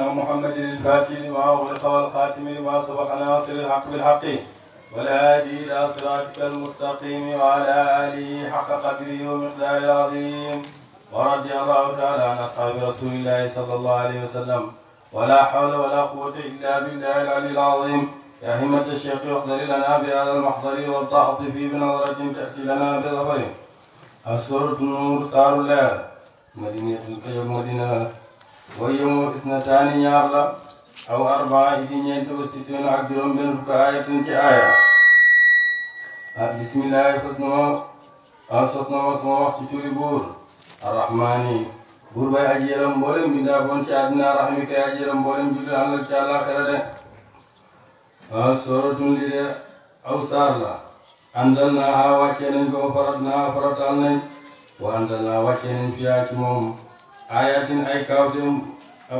محمد الفاتح لما أغلق والخاتم لما سبق ناصر الحق بالحق والهادي إلى صراطك المستقيم وعلى آله حق قدره ومقداره العظيم ورضي الله تعالى عن أصحاب رسول الله صلى الله عليه وسلم ولا حول ولا قوة إلا بالله العلي العظيم يا همة الشيخ اقدر لنا بهذا المحضر والضحط في بنظرة تأتي لنا بظفره السورة النور سار الله مدينة الكيل مدينة woyu moom isnataani ñaar la aw arbaa yi di ñeenti wa sittuuna ak juróom benn fukk aayatun ci aaya ah bismillahi sos na ah, ma na ma wax ci turi buur arrahmaani buur bay aji yaram mboolem bi ndaa rahmi kay aji yaram mboolem julli ànd ak ci àllaaxira de ah de aw saar la àndal naa wàccee nañ ko farat naa faratal nañ wa àndal naa wàccee moom ayatin ay kaawteem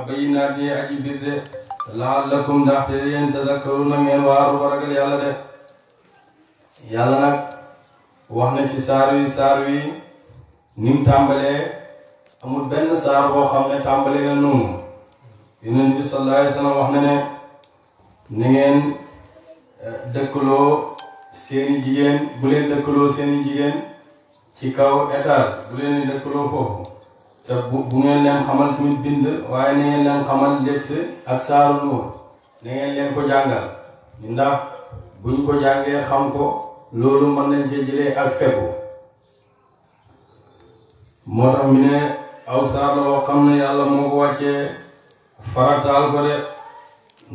bayyinaat yi aji biir de laallakum ndaxte yéen tazakkaruna ngeen waaru ba ragal yàlla de yàlla nag wax na ci saar wi saar wi ni mu tàmbalee amul benn saar boo xam tàmbalee na noonu yonent bi sallallahu alayhi wax na ne ni ngeen dëkkaloo seeni jigéen bu leen dëkkaloo seeni jigéen ci kaw étage bu leen dëkkaloo foofu te bu bu ngeen leen xamal tamit bind waaye na ngeen xamal létt ak saaru nuur na leen ko jàngal ndax buñ ko jàngee xam ko loolu mën nañ cee jëlee ak fegu moo tax mu ne aw saar la xam ne yàlla moo ko wàccee farataal ko de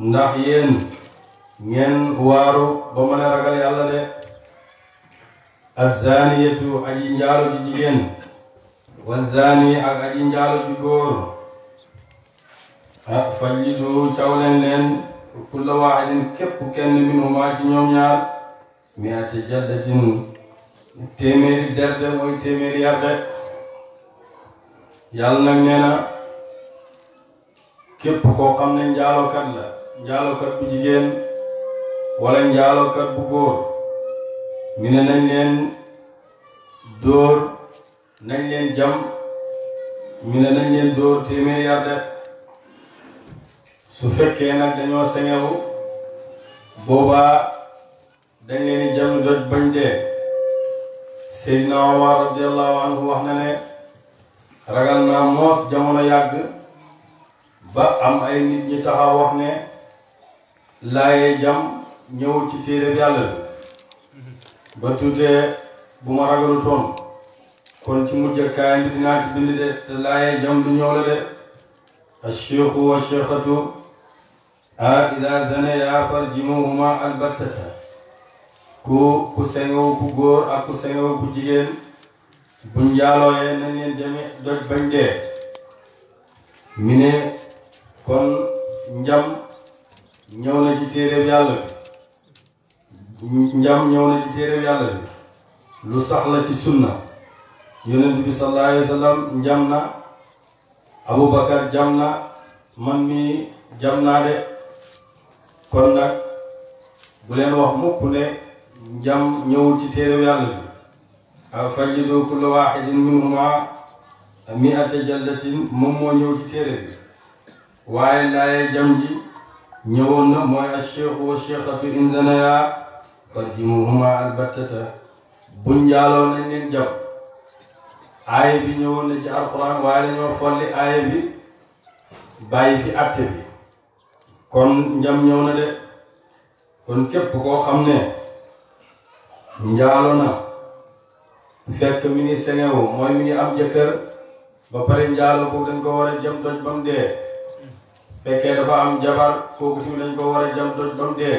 ndax yéen ngeen waaru ba mën a ragal yàlla de azzaaniyatu aji njaalu ji jigéen wazaani ak aji njaalo ji góor ah fajlidu cawleen leen kulla waahidin képp kenn minhumaa ci ñoom ñaar mi ate jaddatin téeméeri derde mooy téeméeri yarde yàlla nag nee na képp koo xam ne njaalokat la njaalokat bu jigéen wala njaalokat bu góor mi ne nañ leen dóor nañ leen jam ñu ne nañ leen dóor téeméer yar su fekkee nag dañoo sengewu boobaa dañ leen jam doj bañ dee Seydina Omar radiallahu anhu wax na ne ragal naa moos jamono yàgg ba am ay nit ñi taxaw wax ne laayee jam ñëwul ci téere yàlla ba tuutee bu ma ragalu toon kon ci mu bi dinaa ci bind de te laaye jam du ñëw la de asheexu wa sheexatu ah ida zaneya farjimuhuma albattata ku ku sengewu ku góor ak ku sengewu ku jigéen buñ njaalooyee nañ leen jami doj bañ mi ne kon njam ñëw na ci téeréb yàlla bi njam ñëw na ci téeréb yàlla bi lu sax la ci sunna yonent bi sallallahu alayhi wa sallam njam na Aboubacar man mi jam naa de leen wax mukk njam ñëwul ci téereb yàlla bi a fajidu kulla waxidin minhuma miata jallatin moom moo ñëw ci téere bi waaye laaye jam ji ñëwoon na mooy alcheikhu wa cheikhatu in albattata buñ njaaloo jam aaya bi ñëwoon na ci alxuraan waaye dañoo folli aaya bi bàyyi ci atte bi kon njam ñëw na de kon képp koo xam ne njaalo na fekk mi ngi sengewu mooy mi ngi am jëkkër ba pare njaalo kooku dañ koo war a jëm doj ba mu dee fekkee dafa am jabar kooku tamit dañ koo war a jëm doj ba dee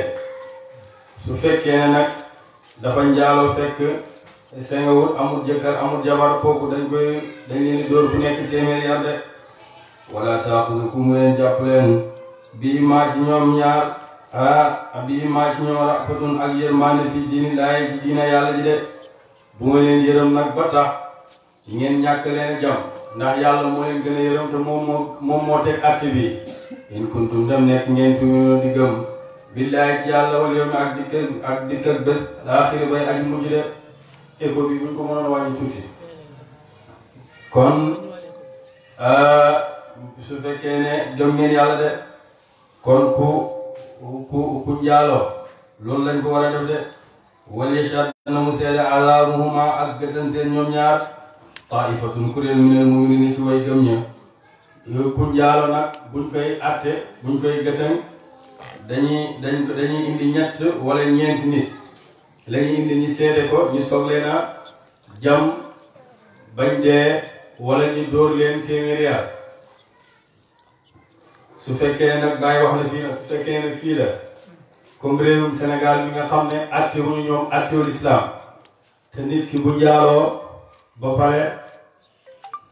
su fekkee ne nag dafa njaalo fekk sengawul amul jëkkër amul jabar kooku dañ koy dañ leen dóor bu nekk téeméeri yar de wala taaxuduku mu leen jàpp leen bii maa ci ñoom ñaar ah bii maa ci ñoom raxfatun ak yërmaande fii diini laay diina yàlla ji de bu ma leen yërëm nag ba tax ñàkk leen jam ndax yàlla moo leen gën a yërëm moom moo teg atte bi kuntum dem nekk ngeen tuuminoo di gëm billaay ci yàlla wal yawmi ak dikk ak dikk ak bés bay ak mujj de écho bi bu ñu ko mënoon wàññi tuuti mm-hmm. kon mm-hmm. Euh, su fekkee ne gëm ngeen yàlla de kon ku ku ku njaaloo loolu lañ ko war a de wala yashhad na mu seede azaabuhuma ak gëtan seen ñoom ñaar taifatun kuréel mi ne mu ni ci way gëm ña ku njaalo nag buñ koy atte buñ koy gëtan dañuy dañ dañuy indi ñett wala ñeenti nit la ñuy indi ñu seede ko ñu soog leen a jam bañ dee wala ñu dóor leen téeméeri at su fekkee nag bàyyi wax na fii nag su fekkee nag fii la comme réewum Sénégal mi nga xam ne attewuñu ñoom attewul islam te nit ki bu jaaloo ba pare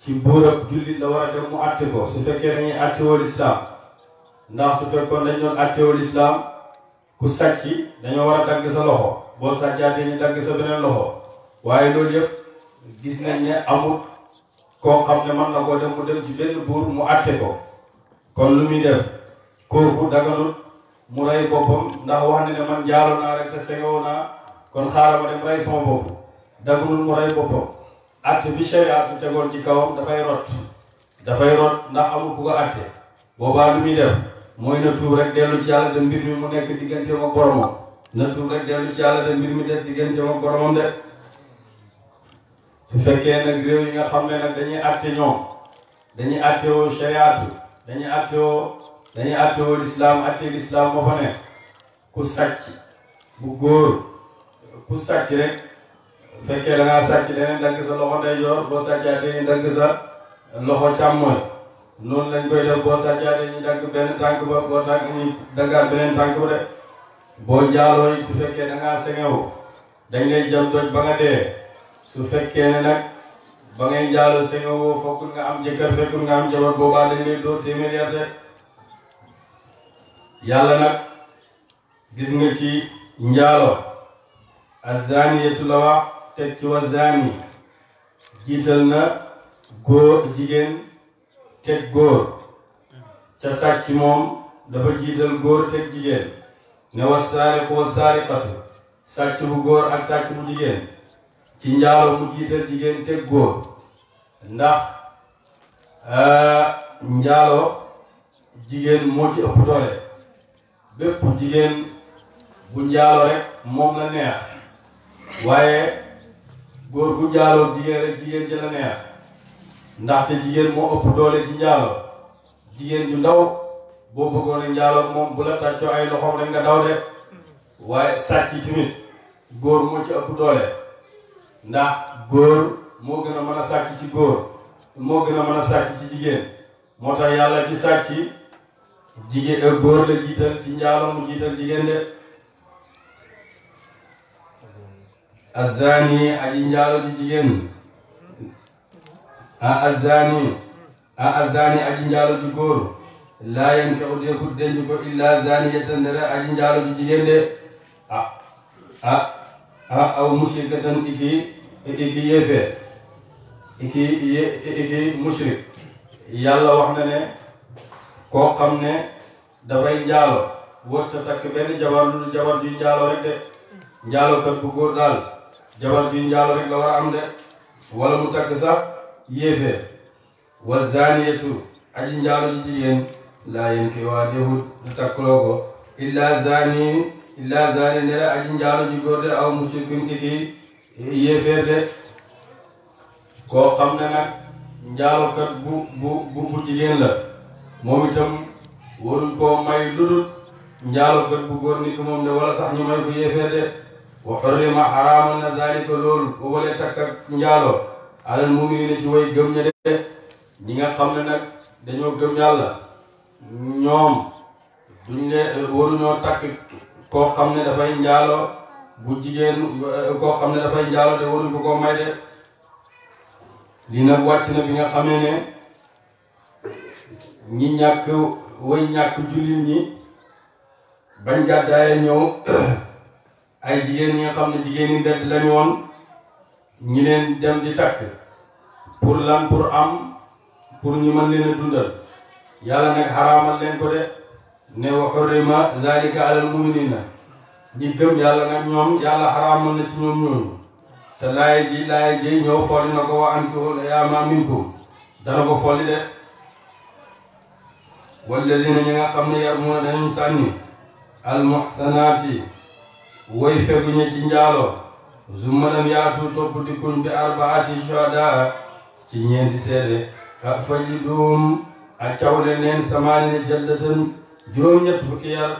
ci buurab jullit ndax su fekkoon dañ doon attewul islam ku sàcc dañoo war a dagg sa loxo boo sàccaatee ñu dagg sa beneen loxo waaye loolu yëpp gis nañ ne amul koo xam ne mën na koo dem mu dem ci benn buur mu àtte ko kon lu muy def kooku daganut mu rey boppam ndax wax naa rek te naa kon xaaral ma dem rey sama bopp mu rey boppam àtte bi sharia àtte tegoon ci kawam dafay rot dafay rot ndax amul ku ko àtte boobaa lu muy def mooy na tuub rek dellu ci yàlla dem mbir mi mu nekk diggante ma boromam na tuub rek dellu ci de mbir mi des diggante moom boromam de su fekkee nag réew yi nga xam ne nag dañuy àtte ñoom dañuy àtte woo shariatu dañuy àtte woo dañuy àtte woo lislaam àtte lislaam moo fa ne ku sàcc bu góor ku sàcc rek fekkee da ngaa sàcc leneen sa loxo ndeyjoor boo sa loxo càmmooñ noonu lañ koy def boo sàccaatee ñu dagg benn tànk ba boo tànk ñu daggaat beneen tànk ba de boo njaaloo su fekkee da ngaa sengew dañ lay jam doj ba nga dee su fekkee ne nag ba ngay njaaloo sengewoo fokkul nga am jëkkër fekkul nga am jabar boobaa dañ lay dóor yar de yàlla nag gis nga ci njaalo azaniyatu la wax teg ci wa zani jiital na góor jigéen teg góor ca sàcc moom dafa jiital góor teg jigéen ne wassaariqu wassaariqatu sàcc bu góor ak sàcc bu jigéen ci njaalo mu jiital jigéen teg góor ndax njaalo jigéen moo ci ëpp doole bépp jigéen bu njaalo rek moom la neex waaye góor gu njaaloo jigéen rek jigéen ji la neex ndaxte jigéen moo ëpp doole ci njaalo jigéen ju ndaw boo bëggoon a moom bu la tàccoo ay loxoom rek nga daw de waaye sàcc yi tamit góor moo ci ëpp doole ndax góor moo gën a mën a sàcc ci góor moo gën a mën a sàcc ci jigéen moo ta yàlla ci sàcc jigéen euh, góor la jiital ci njaaloo mu jiital jigéen de azani aji njaalo ji jigéen a ah, azani a ah, azani aji njaalo ji góor laa yen ke u déefut denc ko illa zaniyatan dara aji njaalo ji jigéen de ah ah ah aw mushrikatan iki iki yéefee iki mushrik yàlla wax na ne koo xam ne dafay njaalo wërta takk benn jabar lu jabar juy njaalo rek de njaalo kat bu góor daal jabar juy njaalo rek la war am de wala mu takk sax yéefee wa zaniyatu aji njaalo ji jigéen laa yanki waa déewut du takkuloo ko illa ndere aji njaalo ji góor aw musirkin ki kii e yéeféer koo xam ne nag njaalokat bu bu bu bu jigéen la moom itam waruñ koo may ludut njaalokat bu góor nit moom de wala sax ñu may ko yéeféer de wa xurrima xaraamal na daalika loolu bu takk ak njaalo alal mu'miniina ci way gëm ña de ñi nga xam ne nag dañoo gëm yàlla ñoom duñ leen waruñoo takk koo xam ne dafay njaaloo bu jigéen koo xam ne dafay njaaloo de waruñ ko koo may de li nag wàcc na bi nga xamee ne ñi ñàkk way ñàkk jullit ñi bañ gàddaaye ñëw ay jigéen ñi nga xam ne jigéen ñi lañu woon ñi leen dem di takk pour lan pour am pour ñu mën leen dundal yàlla nag xaraamal leen ko de ne wa xurrima zalika alal muminina ñi gëm yàlla nag ñoom yàlla xaraamal na ci ñoom ñooñu te laay ji laay ji ñëw na ko wa ankihul ayaama minkum dana ko folli de walladina ñi nga xam ne yarmuna dañuy sànni al muhsanaati woy fegu ña ci njaaloo zumma lam yaatu topp dikkun bi arbaati shuhadaa ci ñeenti seede fa fajiduum a cawle neen samaani jaldatan juróom-ñett fukki yar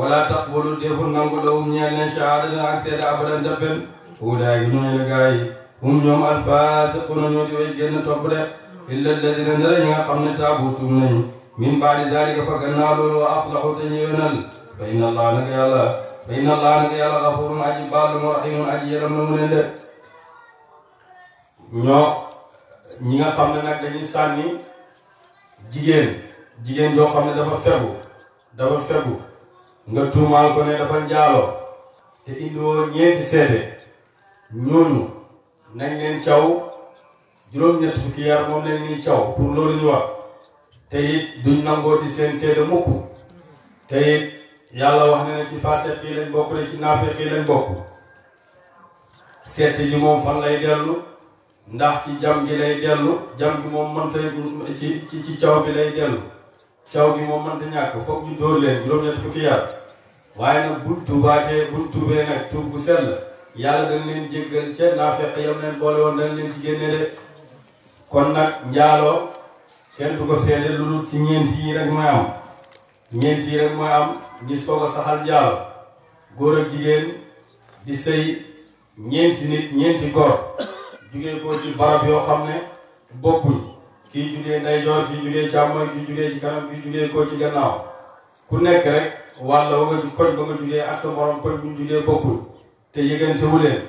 wala taqbalu deful nangu lawum ñeel ne shahadatan ak seede abadan deppen ulaay gi ñooñu la gaa yi ñoom alfaasiquna ñoo di way génn topp de illa alladina ne la ñi nga xam ne taabu tuub nañu min baadi dalika fa gannaaw loolu wa aslahu te ñëwenal fa inna allah naka aji baalum wa aji yaram na mu leen de ñoo ñi nga xam ne nag dañuy sànni jigéen jigéen joo xam ne dafa fegu dafa fegu nga tuumaal ko ne dafa njaaloo te indiwoo ñeenti seede ñooñu nañ leen caw juróom-ñett fukki yar moom lañ ñuy caw pour loolu ñu wax te it duñ nangooti seen seede mukk te it yàlla wax na ne ci fasiq yi lañ bokk ne ci naafiq yi lañ bokk seet ji moom fan lay dellu ndax ci jam gi lay dellu jam gi moom mënta ci ci ci caw bi lay dellu caw gi moom mënta ñàkk foog ñu dóor leen juróom-ñett fukki yar waaye nag buñ tuubaatee buñ tuubee nag tuub gu sell yàlla dañ leen jéggal ca naafeq yam leen boole woon dañ leen ci génne de kon nag njaaloo kenn du ko seede lu dul ci ñeent yi rek mooy am ñeent yi rek mooy am ñi soog a saxal njaaloo góor ak jigéen di sëy ñeenti nit ñeenti góor jugee ko ci barab yoo xam ne bokkuñ kii jugee ndeyjoor kii jugee càmmoñ kii jugee ci kanam kii jugee ko ci gannaaw ku nekk rek walla ba nga koñ ba nga jugee ak sa morom koñ buñ jugee bokkuñ te yëgante wu leen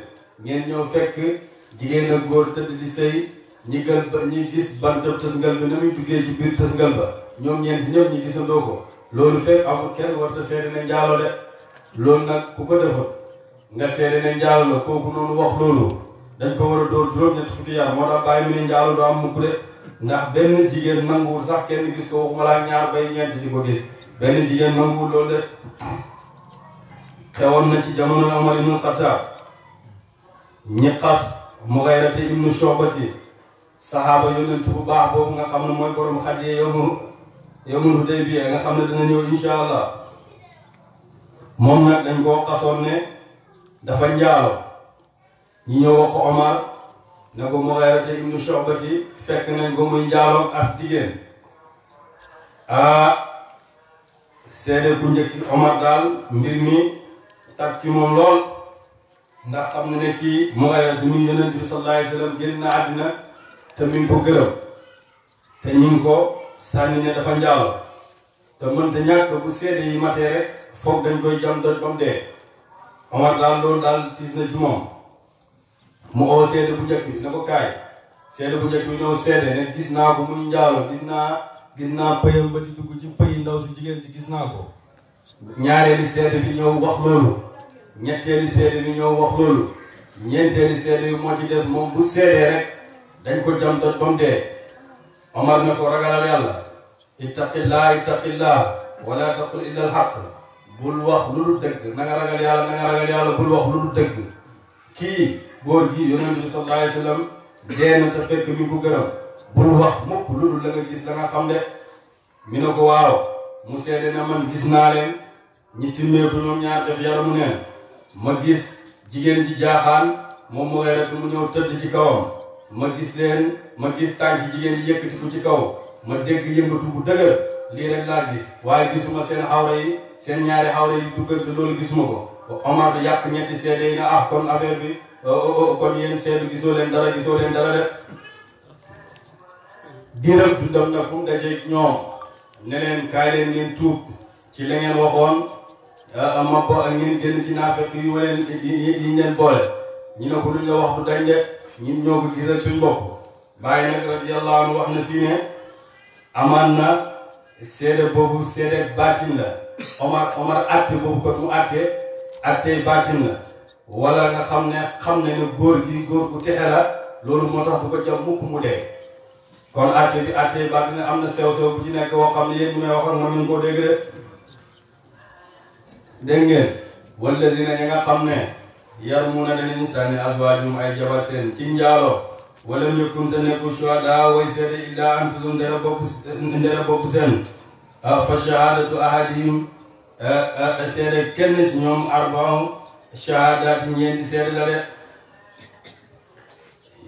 ngeen ñëw fekk jigéen ak góor tëdd di sëy ñi gël ba ñi gis bantab tësngal bi na muy duggee ci biir tësngal ba ñoom ñeenti ñëpp ñi gisandoo ko loolu fekk amul kenn warta seede ne njaalo de loolu nag ku ko defa nga seede ne njaalo la kooku noonu wax loolu dañ ko war a dóor juróom-ñetti fukki yar moo tax bàyyi mu ne njaalu du am mukk de ndax benn jigéen nanguwul sax kenn gis ko waxuma laa ñaar bay ñeent di ko gis benn jigéen nanguwul loolu de xewoon na ci jamono Omar ibnu Xattaab ñi xas Mugayrata ibnu Shobati saxaaba yonent nga xam ne mooy borom xadiya yowmul yowmul Hudaybiya nga dina ñëw incha allah moom nag dañ koo xasoon ne dafa njaalo ñi ñëw wax ko Omar ne ko Mughirata ibnu Shu'bati fekk nañ ko muy njaaloog as jigéen ah seede ku njëkki Omar daal mbir mi tag ci moom lool ndax am na ne kii Mughirata mi yonent bi sallallahu alayhi génn na àddina te mi ko gërëm te ñu ko sànni ne dafa njaaloo te mënta ñàkk bu seede yi matee rek dañ koy jam doj ba dee Omar daal loolu daal tiis na ci moom mu oo seede bu njëkk bi ne ko kaay seede bu njëkk bi ñëw seede ne gis naa ko muy njaalo gis naa gis naa pëyam ba dugg ci pëy ndaw si jigéen si gis naa ko ñaareeli seede bi ñëw wax loolu ñetteeli seede bi ñëw wax loolu ñeenteeli seede bi moo ci des moom bu seedee rek dañ ko jam doj ba mu dee Omar ne ko ragalal yàlla ittaqillaa ittaqillaa wala taqul illa alxaq bul wax lu yàlla na nga bul wax lu dul dëgg kii góor gi yonent bi sallallahu alayhi wa sallam dee na te fekk mi lu dul gis la nga xam de ko waaw mu seede na man gis naa leen ñi simmeeku ñoom ñaar def yaramu neen ma gis jigéen ji jaaxaan moom mu mu ñëw tëdd ci kawam ma gis leen ma gis tànk jigéen yi yëkkati ko ci kaw ma dégg yëngatu bu dëgër lii rek laa gis waaye gisuma seen xawra yi seen ñaari xawra yi duggante loolu gisuma ko Omar bi yàq ñetti seede yi na ah kon affaire bi Oh, oh, oh kon yéen seen gisoo leen dara gisoo leen dara def diiram dundam na fu mu dajeeg ñoom ne kaay leen ngeen tuub ci la ngeen waxoon ah, ah, ma bo ak ngeen génn ci naafeq yi waleen yi ngeen boole ñu ne ko luñ wax bu dañ de ñun ñoo ko gis ak bàyyi nag radiyallahu anhu wax na fii ne amaan na seede boobu seede baatin la Omar Omar atte boobu kon mu atte atte baatin la wala nga xam ne xam ne ne góor gi góor gu texe la loolu moo tax du ko jam mukk mu dee kon ate bi atte ba dina am na sew-sew bu ci nekk woo xam ne yéen mu ne waxoon na mun koo dégg de dégg ngeen walladina ña nga xam ne yar mu na ay jabar seen ci njaaloo wala mu yëkkunte nekku shuhada way seede illa anfusum ndere bopp ndere bopp seen fa shahadatu eh, eh, seede kenn ci ñoom arbaun shahaadaati ñeenti seede la de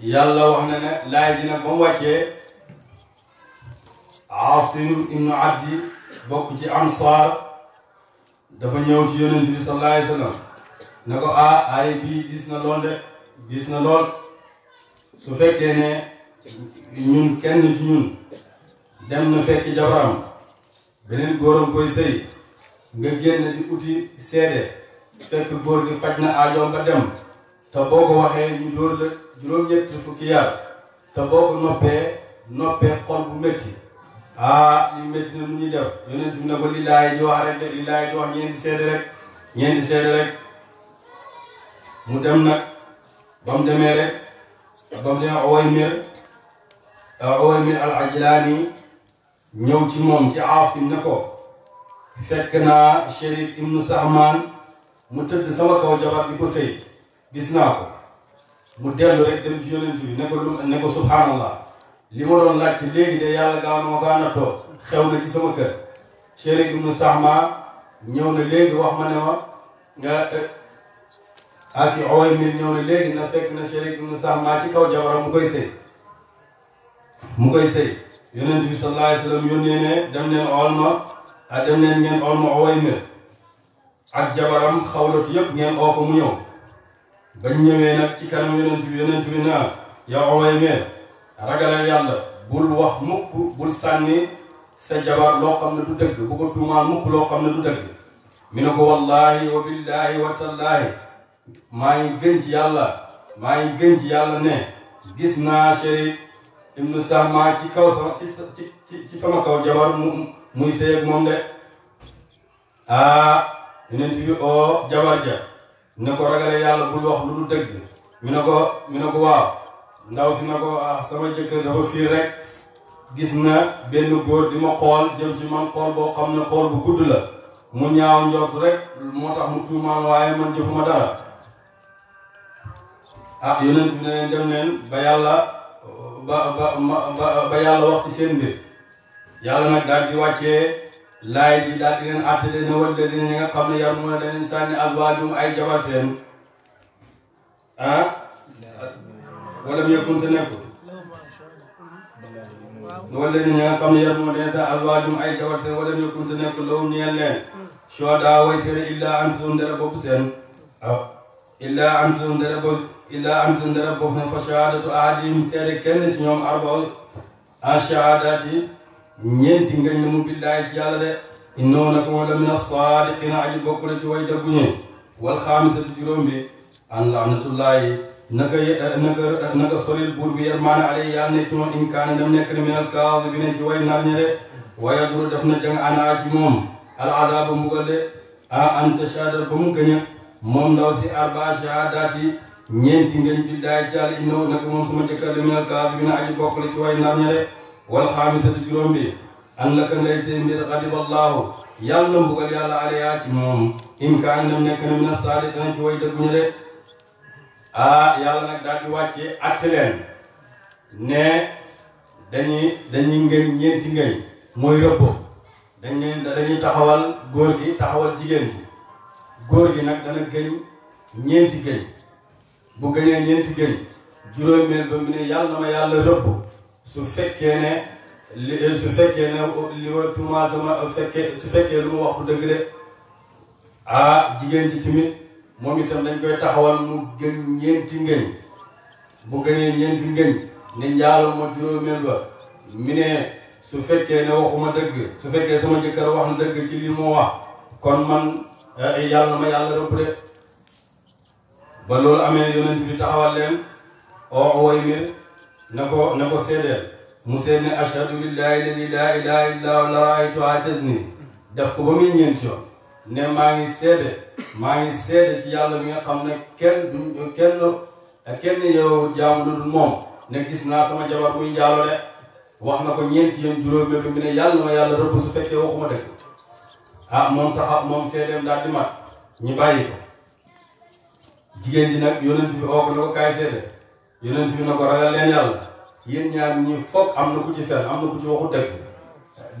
yàlla wax na ne laay dina ba wàccee Aasim ibnu Abdi bokk ci ansaar dafa ñëw ci yonent bi ah, gis na lool na lool su fekkee ne ñun kenn ci ñun dem na fekk jabaram beneen góoram koy sëy nga génn di uti seede fekk boor gi faj na aajoom ba dem te boo ko waxee ñu dóor la juróom-ñetti fukki yar te boo ko noppee noppee xol bu métti ah li métti na mu ñuy def yonent bi ne ko li laay wax rek de li laay ji wax ñeenti seede rek mu dem nag ba mu demee rek ba mu demee Uwaymir Uwaymir al Ajlaani ñëw ci moom ci Aasim ne ko fekk naa Chérif ibnu Sahmaan mu tëdd sama kaw jabar di ko sëy gis naa ko mu dellu rek dem ci yonent bi ne subhanallah li ma doon laajte léegi de yàlla gaaw na ma gaaw na toog xew na ci sama kër gi mu Sahma ñëw na léegi wax ma ne ma nga eh, ak ooy min ñëw na léegi na fekk na Cheikh Ibnu Sahma ci kaw jabaram mu koy sëy mu koy sëy yonent bi sallallahu alayhi dem neen ool ma ah, dem neen ngeen ool ma ak jabaram xawlatu yëpp ngeen oo ko mu ñëw bañ ñëwee nag ci kanam yonent bi yonent bi naa ah, yow Umayr meen bul wax mukk bul sànni sa jabar loo xam ne du dëgg bu ko tuumaan mukk loo xam ne du dëgg mi ne ko wallaahi wa billaahi wa tallaahi maa ngi gën ci yàlla maa ngi gën ci yàlla ne gis naa Sharik ibnu ci kaw sama ci sama kaw jabar mu muy sëy ak moom de ah, yonent bi oo jabar ja ne ko ragale yàlla bul wax lu dul dëgg mi ne ko mi ne ko waaw ndaw si ne ko ah sama jëkkër dafa fiir rek gis na benn góor di ma xool jëm ci man xool boo xam ne xool bu gudd la mu ñaaw njort rek moo tax mu tuumaan waaye man jëfuma dara ah yonent ne leen dem leen ba yàlla ba ba ba yàlla wax ci seen mbir yàlla nag daal di wàccee laay ji di leen àttale ne wala ñi nga xam ne yar mu ay jabar seen ah yar mu ne dañuy sànni azwaajum ay jabar seen wala mu yëkkun sa nekk loolu ñeel leen soodaa seen illaa am suñu dara bopp seen ah? illaa am suñu dara bopp illaa am suñu dara bopp seen fa shahaadatu ahadim seede kenn ci ñoom arba ah, ñeenti ngañ la mu billaahi ci yàlla de innoo naka moo min as-saadiqiina aji bokk ci way dëggu ñi wal xaamisatu juróom bi an laanatullaahi naka eh, naka eh, naka soril buur bi yermaane alay yàlla nekk ci moom in kaane dem ne ci way nar ñi de waaye duru def na jàng anaa moom al adaaba mbugal de a ah, an tashaada ba mu gëñ moom ndaw si arbaa shahaadaati ñeenti ngañ billaahi ci yàlla innoo naka moom sama jëkkër la min al kaadibiina aji bokk la ci way nar wal xaamisatu juróom bi an laka ngay tey mbir xadiballaahu yàlla na mbugal yàlla aleyaa ci moom in kaan nam nekk na mina saadiqiina ci way dëgguñu de ah yàlla nag daal di wàcce atte ne dañuy dañuy ngëñ ñeenti ngëñ mooy rëbbo dañ leen taxawal góor gi taxawal jigéen gi góor gi nag dana gëñ ñeenti gëñ bu gëñee ñeenti gëñ juróomeel ba mu ne yàlla na yàlla rëbb su fekkee ne li eh, su fekkee ne li ma tuumaal sama eh, fekkee su fekkee lu ma wax bu dëgg de ah jigéen ji tamit moom itam dañ koy taxawal mu gën ñeenti ngëñ bu gënee ñeenti ngëñ ne njaaloo ma juróomeel ba mi ne su fekkee ne waxuma dëgg su fekkee sama jëkkër wax na dëgg ci li moo wax kon man eh, yàlla ma yàlla rëbb de ba loolu amee yonent bi taxawal leen oo woy mir na ko na ko seedeel mu seet ne ashhadu billahi alladi laa ilaha illa huwa la raaytu atasni daf ko ba muy ñeenti yoon ne maa ngi seede maa ngi seede ci yàlla bi nga xam ne kenn duñ kenn kenn yow jaamu lu dul moom ne gis naa sama jabar muy njaalo de wax na ko ñeenti yoon juróomi bi mu ne yàlla na yàlla rëbb su fekkee waxuma dëgg ah moom taxaw moom seedeem daal di mat bàyyi ko jigéen ji nag yonent bi oo ko ne ko kaay seede yonent bi na ko ragal yàlla yéen ñaar ñi foog am na ku ci fen am na ku ci waxu dëgg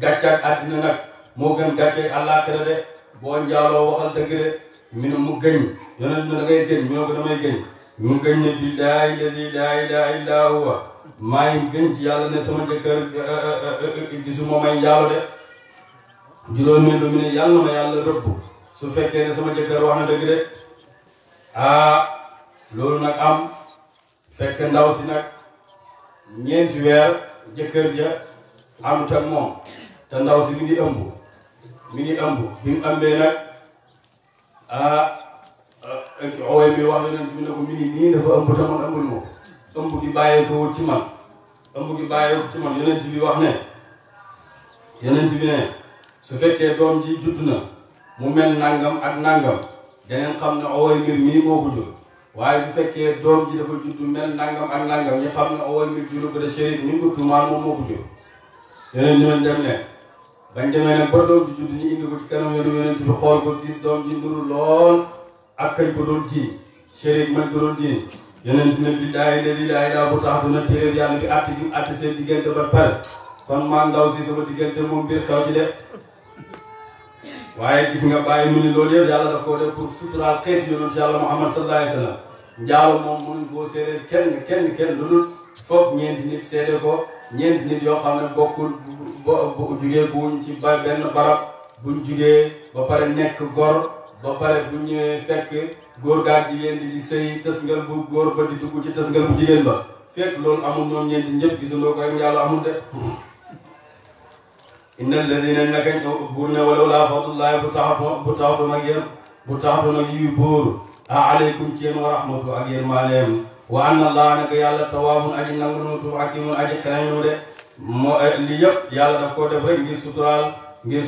gàccaak àddina nag moo gën gàccaak àllaaxira de boo njaaloo waxal dëgg de mi mu gëñ yonent bi gëñ mi ne ko damay gëñ mu gëñ ne billaahi lazi laa ilaaha illaa maa ngi gëñ ci yàlla ne sama jëkkër euh, euh, euh, gisuma may njaalo de juróomeel ba mu ne yàlla ma yàlla rëbb su fekkee ne sama jëkkër wax na dëgg de ah loolu nag am fekk ndaw si nag ñeenti weer jëkkër ja am tam moom te ndaw si mi ngi ëmb mi ngi ëmb bi ëmbee nag ah owe mi wax yonent bi ne ko mi ngi nii dafa ëmb te man moom ëmb gi bàyyeekoo ci man ëmb gi bàyyeekoo ci man yonent wax ne yonent bi ne su fekkee doom ji judd na mu mel nangam ak nangam daneen xam ne owe mbir mii moo ko waaye su fekkee doom ji dafa juddu mel nangam ak nangam ñu xam na awal mi juru ko de shérif ñu ngi ko tuumaal moom moo ko jur danañ ñu dem ne bañ demee nag ba doom ji judd indi ko ci kanam yoonu yonent bi xool ko gis doom ji nduru lool ak kañ ko doon ji shérif man ko doon ji yonent ne billaahi ladi laa ilaaha bu taxatu na téréer yàlla bi àtt bi mu àtt seen ba pare kon maa ndaw si sama diggante moom mbir kaw ci de waaye gis nga bàyyi mu ni loolu yëpp yàlla daf koo def pour suturaal xeeti yonent yàlla Muhammad sallallahu alayhi wa sallam njaalo moom mënuñ koo séedee kenn kenn kenn lu dul foog ñeenti nit séedee ko ñeenti nit yoo xam ne bokkul bu jugee ko wuñ ci ba benn barab buñ jugee ba pare nekk gor ba pare bu ñëwee fekk góor gaa jigéen di di sëy tësngal bu góor ba di dugg ci tësngal bu jigéen ba fekk loolu amul ñoom ñeenti ñëpp gisuloo ko inna alladina nakañ buur ne walaw laa fadlullahi bu taxatoo bu taxatoo nag yéen bu a aleykum allah nag yàlla tawaabun aji nangu nu tuub hakimun aji de moo eh, li yëpp yàlla daf koo def rek ngir suturaal ngir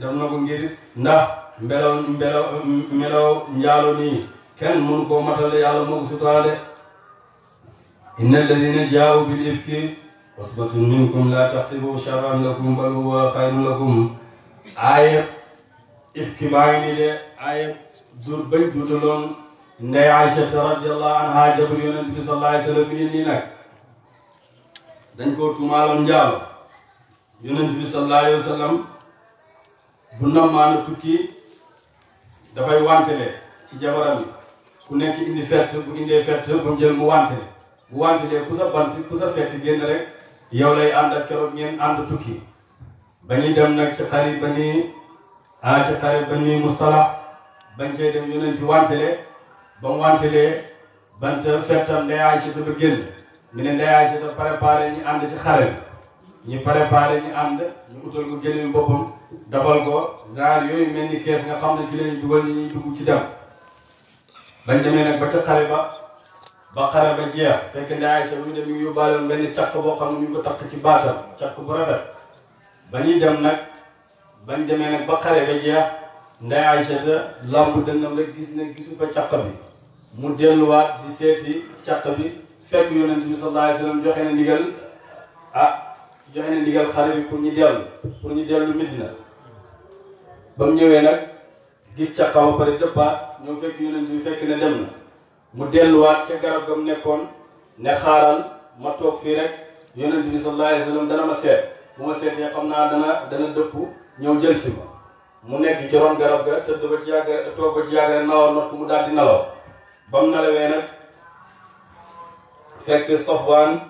de def na ko ngir ndax mbelaw mbelaw mbelaw njaalo nii kenn mënu koo matal de yàlla moo ko suturaal de inna alladina jaaw bil ifki usbatun minkum laa taxsibu sharran lakum bal huwa xayrun lakum aayab ifki baa ngi nii de aayab duur bañ duutaloon ndey Aysata radiyallahu anha jabul yonent bi sallallahu alayhi mi ngi nii nag koo tuumaaloon njaalo yonent bi sallallahu alayhi wa sallam bu tukki dafay wantele ci jabaram yi ku nekk indi fett bu indee fett ba mu mu wantele bu wantelee ku sa bant ku sa fett génn rek yow lay ànd ak keroog ngeen ànd tukki ba ñuy dem nag ci xarit ba nii ah ci xarit ba nii mustala bañ cee dem yonenti wantele ba mu wantelee banta fettam ndey Aysata ba génn ñu ne ndey Aysata préparé ñu ànd ci xare ñu préparé ñu ànd ñu utal ko génn boppam dafal ko genre yooyu mel ni kees nga xam ne ci le dugal ñu ñuy dugg ci dem bañ demee nag ba ca xare ba baqara ba jeex fekk nda Aïcha bu ñu dem ñu yóbbaaloon benn caq boo xam ne ñu ko takk ci baatam caq bu rafet ba ñuy dem nag ba ñu demee nag baqara ba jeex nda Aïcha te lamb dënnam rek gis ne gisu fa caq bi mu delluwaat di seeti caq bi fekk yonent bi sallallahu alayhi wa sallam joxe na ndigal ah joxe na ndigal xare bi pour ñu dellu pour ñu dellu Medina ba mu ñëwee nag gis caqam ba pare dëppaat ñoo fekk yonent bi fekk ne dem na mu delluwaat ca garab ga mu nekkoon ne xaaral ma toog fii rek yonent bi sallallahu alayhi wa sallam dana ma seet bu ma seetee xam naa dana dëpp ñëw jël si ma mu nekk ci ron garab ga tëdd ba ci yàgg toog ba ci yàgg rek nalaw not ko mu daal di ba mu nalawee nag fekk Safwaan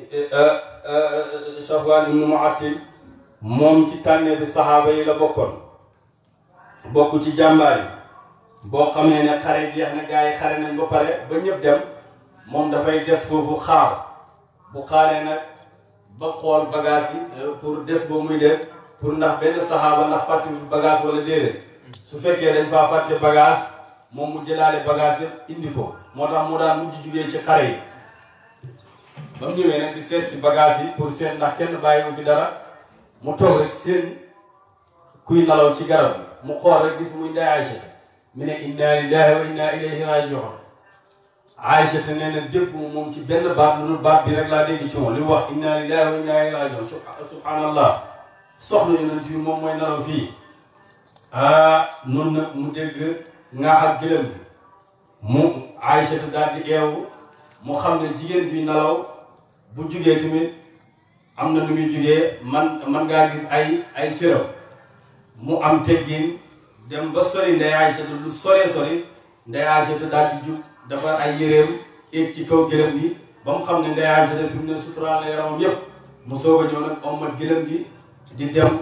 eh, eh, eh, Safwaan ibnu Muattil moom ci tànnee bi saxaaba yi la bokkoon bokk ci jàmbaar yi boo xam ne xare jeex na nga yi xare nañ ba pare ba ñëpp dem moom dafay des foofu xaar bu xaaree nag ba xool bagage yi euh, pour des boobu muy des pour ndax benn saxaaba ndax fàtte bagage wala déedéet su fekkee dañ faa fàtte bagage moom mu jëlaale bagage yëpp indi ko moo tax mu daan mujj jugee ci xare yi ba mu ñëwee nag di seet si bagage yi pour seet ndax kenn bàyyiwu fi dara mu toog rek seen kuy nalaw ci garab mu xool rek gis muy ndey Aysa mu ne inna lillahi wa inna ilayhi rajiun Aïcha te nee na dégg moom ci benn baat lu dul baat bi rek laa dégg ci moom li wax inna lillahi wa inna ilayhi rajiun subhanallah soxna yonent bi moom mooy nelaw fii aa ah, noonu nag mu dégg ngaax ak gëlëm bi mu Aïcha te daal di eewu mu xam ne jigéen bi nelaw bu jugee tamit am na nu muy jugee man man ngaa gis ay ay cëram mu am teggin dem ba sori ndey Aysatu lu soree sori ndey Aysatu daal di jug defar ay yéreem éeg ci kaw gëlëm gi ba mu xam ne ndey Aysatu fi mu ne suturaal la yaramam yëpp mu soog a ñëw nag ommat gëlëm gi di dem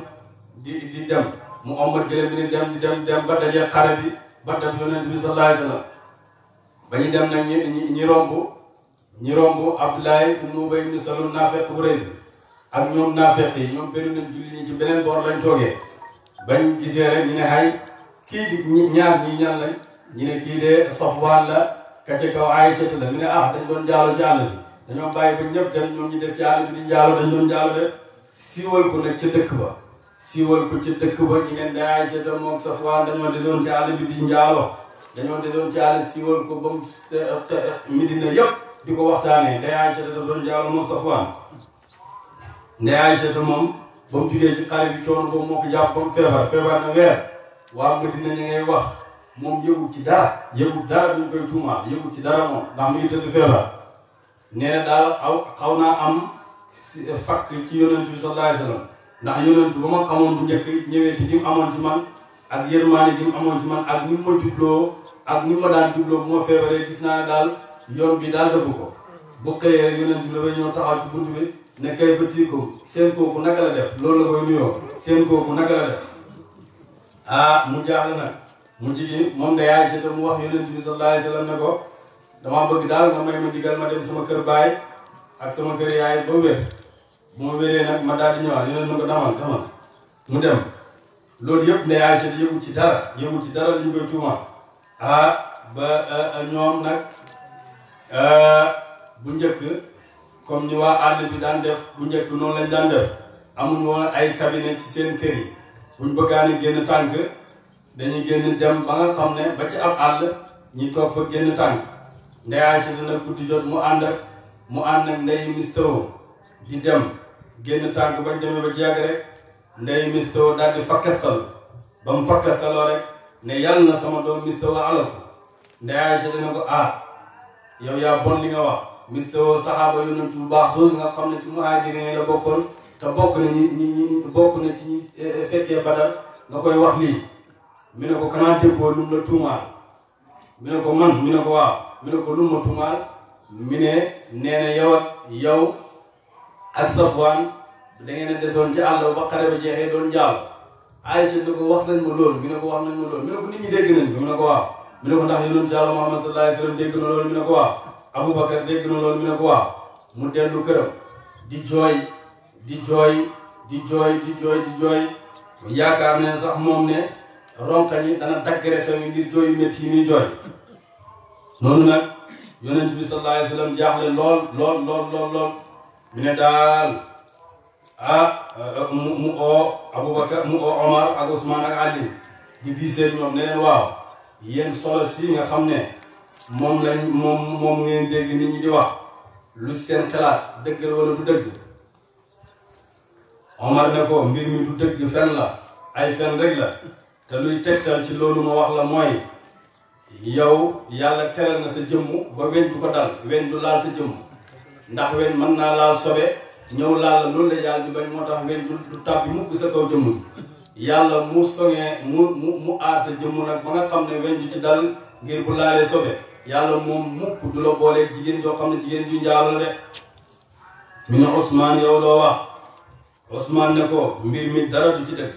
di di dem mu ommat gëlëm gi di dem di dem dem ba dajee xare bi ba dab yonent bi sallallahu alayhi wa ak ñoom naafeq yi ñoom bëri nañ julli ñi ci beneen boor lañ toogee bañ gisee rek ñu ne hay kii bi ñaar ñii ñan lañ ñu ne kii de Safwaan la ka ca kaw Aysatu la ñu ne ah dañ doon jaalo ci àll bi dañoo bàyyi ba ñëpp dem ñoom def ci àll bi di jaalo dañ doon jaalo de siiwal ko nag ca dëkk ba siiwal ko ca dëkk ba ñu ngeen day moom Safwaan dañoo desoon ci àll bi di ci àll ko ba mu di ko waxtaanee ndey Aysatu da doon jaalo moom Safwaan ndey ci xale moo ko jàpp ba feebar feebar na weer waa Madina ña ngay wax moom yëgul ci dara yëgul dara duñ koy tuumaal yëgul ci dara moom ndax mu ngi tëdd feebar nee na daal aw xaw naa am fakk ci yonent bi sallallahu alayhi wasallam ndax yonent ba ma xamoon bu njëkk ñëwee ci li mu amoon ci man ak yërmaane gi mu amoon ci man ak ni mu ma jubloo ak ni ma daan jubloo bu ma feebaree gis naa ne daal yoon bi daal defu ko bu xëyee rek yonent bi dafay ñëw taxaw ci buntu bi ne kay fa tiir ko seen naka la def loolu ah mu jaaxle nag mu jigi moom de yaay seta mu wax yonent bi sallallahu alayhi wasallam ne ko damaa bëgg daal nga may ma digal ma dem sama kër baay ak sama kër yaay ba wér bu ma wéree nag ma daal di ñëwaat yonent na ko damal damal mu dem loolu yëpp nde yaay seta yëgul ci dara yëgul ci dara li ñu koy tuuma ah, ba ah, ah, ñoom nag bu njëkk kom ni waa àll bi daan def bu njëkk noonu lañ daan def amuñu woon ay cabinet ci seen kër yi buñ bëggaani génn tànk dañuy génn dem ba nga xam ne ba ci ab àll ñi toog fa génn tànk ndeyaay si dana guddi jot mu ànd ak mu ànd ak ndey mistoo di dem génn tànk bañ demee ba ci yàgg rek ndey mistoo daal di fakkastal ba mu fakkastaloo rek ne yàlla na sama doom mistoo alal ko ndeyaay si dana ko ah yow yaa bon li nga wax mistoo saxaaba yonent bu baax soosu nga xam ne ci muhaajiriin la bokkoon te bokk na ni ñi bokk na ci ñi fekkee badal nga koy wax lii mi ne ko kanaa déggoo lu mu la tuumaal mi ne ko man mi ne ko ma tuumaal mi ne nee na yow a desoon ci jeexee doon jaaw Aysa ne ko wax nañ ma loolu mi ne ko ne ko nit ñi dégg nañ ko mi ne ko waaw mi ne ko ndax yonent yàlla Muhammad sallallahu alayhi wa sallam dégg na loolu mi ne ko waaw mu dellu këram di jooy di jooy di jooy di jooy di yaakaar ne sax moom ne ronkañ yi dana daggare sa wi ngir jooyu métti yi muy jooy noonu nag yonent bi sallallahu alayhi lool lool lool lool ne daal ah euh, mu mu oo Aboubacar mu oo Omar ak Ousmane ak Ali di diiseen ñoom ne waaw yéen solo si nga xam ne moom lañ moom moom ngeen dégg nit ñi di wax lu seen xalaat dëgg la wala du dëgg Omar ne ko mbir mi du dëgg fen la ay fen rek la te luy tegtal ci loolu ma wax la mooy yow yàlla teral na sa jëmm ba weñ du ko dal weñ du laal sa jëmm ndax weñ man naa laal sobe ñëw laal la loolu la yàlla di bañ moo tax weñ du du tàbbi mukk sa kaw jëmm yàlla mu soŋee mu mu mu aar sa jëmm nag ba nga xam ne weñ du ci dal ngir bu laalee sobe yàlla moom mukk du la boolee jigéen joo xam ne jigéen ju njaaloo de ñu ne Ousmane yow loo wax Ousmane ne ko mbir mi dara du ci dëgg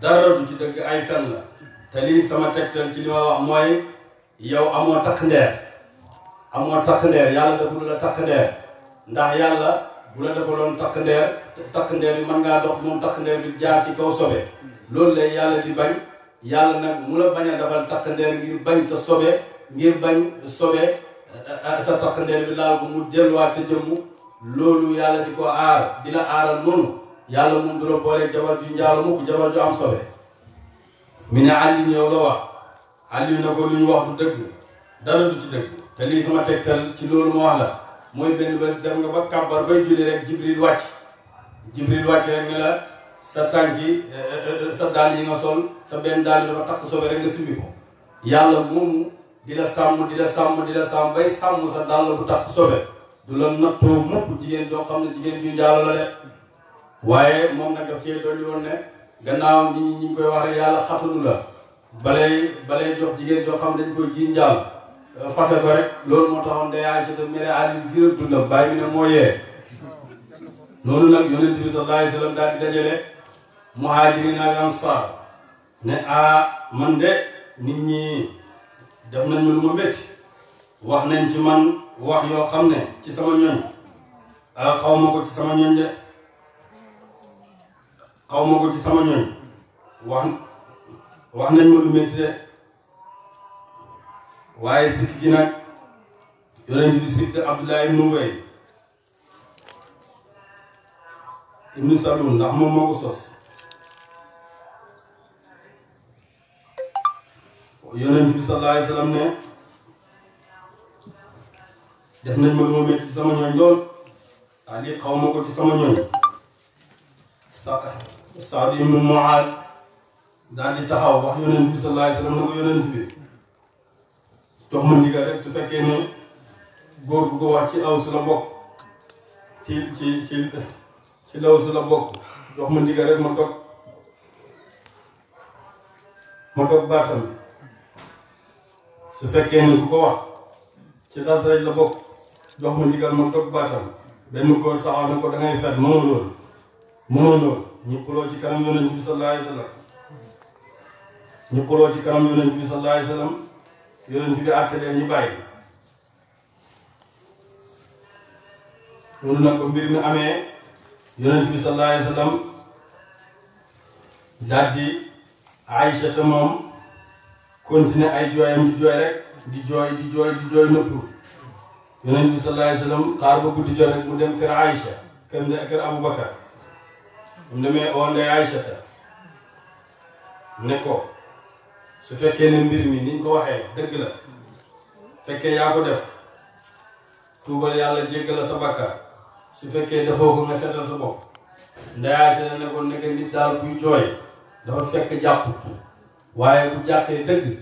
dara du ci dëgg ay fen la te lii sama tegtal ci li ma wax mooy yow amoo takk ndeer amoo takk ndeer yàlla deful la takk ndeer ndax yàlla bu la defaloon takk ndeer takk ndeer bi mën ngaa dox moom takk ndeer bi jaar ci kaw sobe loolu lay yàlla di bañ yàlla nag mu la bañ a defal takk ndeer ngir bañ sa sobe ngir bañ sobe eh, eh, sa takk ndeer bi laal ko mu delluwaat sa jëmm loolu yàlla di ko aar di la aaral noonu yàlla moom du la booleeg jabar ju njaalu mukk jabar ju am sobe mi ne Alioune yow la wax Alioune na ko lu ñu wax du dëgg dara du ci dëgg te lii sama tegtal ci loolu ma wax la mooy benn bés dem nga ba kàbbar bay julli rek jibril wàcc jibril wàcc rek yi eh, eh, eh, sa daal yi nga sa simbi ko yàlla moomu di la sàmm di la sàmm di la sàmm bay sàmm sa dàll bu takk sobe du la nattoo mukk jigéen joo xam ne jigéen ju njaalo la de waaye moom nag daf cee dolli woon ne gannaaw nit ñi ñu koy wax rek yàlla xatalu la balay balay jox jigéen joo xam dañ koy jiiñ jaal euh, fase ko rek loolu moo taxoon day ay si te mere àll bi gërëm dundam bàyyi ne moo yee noonu nag yonent bi sallallahu alayhi wa sallam daal di dajale muhaajiriin ak ansaar ne a ah, man de nit ñi def nañ ma lu ma métti wax nañ ci man wax ñoo xam ne ci sama ñoñ a ah, xaw ma ko ci sama ñoñ de xaw ma ko ci sama ñooñ wax wax nañ ma lu métti waaye sikk gi nag yonent bi sikk Abdullah ibn Ubay ibn Salul ndax moom moo ko sos yonent bi ne def nañ ma lu ma métti sama ñooñ lool daal lii ko ci sama ñooñ Saad ibnu Muaaz daal di taxaw wax yonent bi sallallahu alayhi wa ko yonent bi jox ma ndigal rek su fekkee ne góor bu ko wax ci aw su la bokk ci ci ci law su la bokk jox ma ndigal rek ma dog ma dog baatam bi su fekkee ne ku ko wax ci xas rek la bokk jox ma ndigal ma dog baatam ko da ñu xuloo ci kanam yonent bi sallallahu alayhi ñu xuloo ci kanam yonent bi sallallahu alayhi wa bi àtte leen ñu bàyyi noonu nag ba mbir mi amee yonent bi sallallahu alayhi wa sallam moom continuer ay jooyam di jooy rek di jooy di jooy di jooy nëpp yonent bi sallallahu alayhi xaar ba guddi jot rek mu dem kër Aïcha kër kër demee onde Aysata ne ko su fekkee ne mbir mi niñ ko waxee dëgg la fekkee yaa ko def tuubal yàlla jéggala sa bakkaar su fekkee defoo ko nga seetal sa bopp ndey Aysata ne ko nekk nit daal buy jooy dafa fekk jàpput waaye bu jàppee dëgg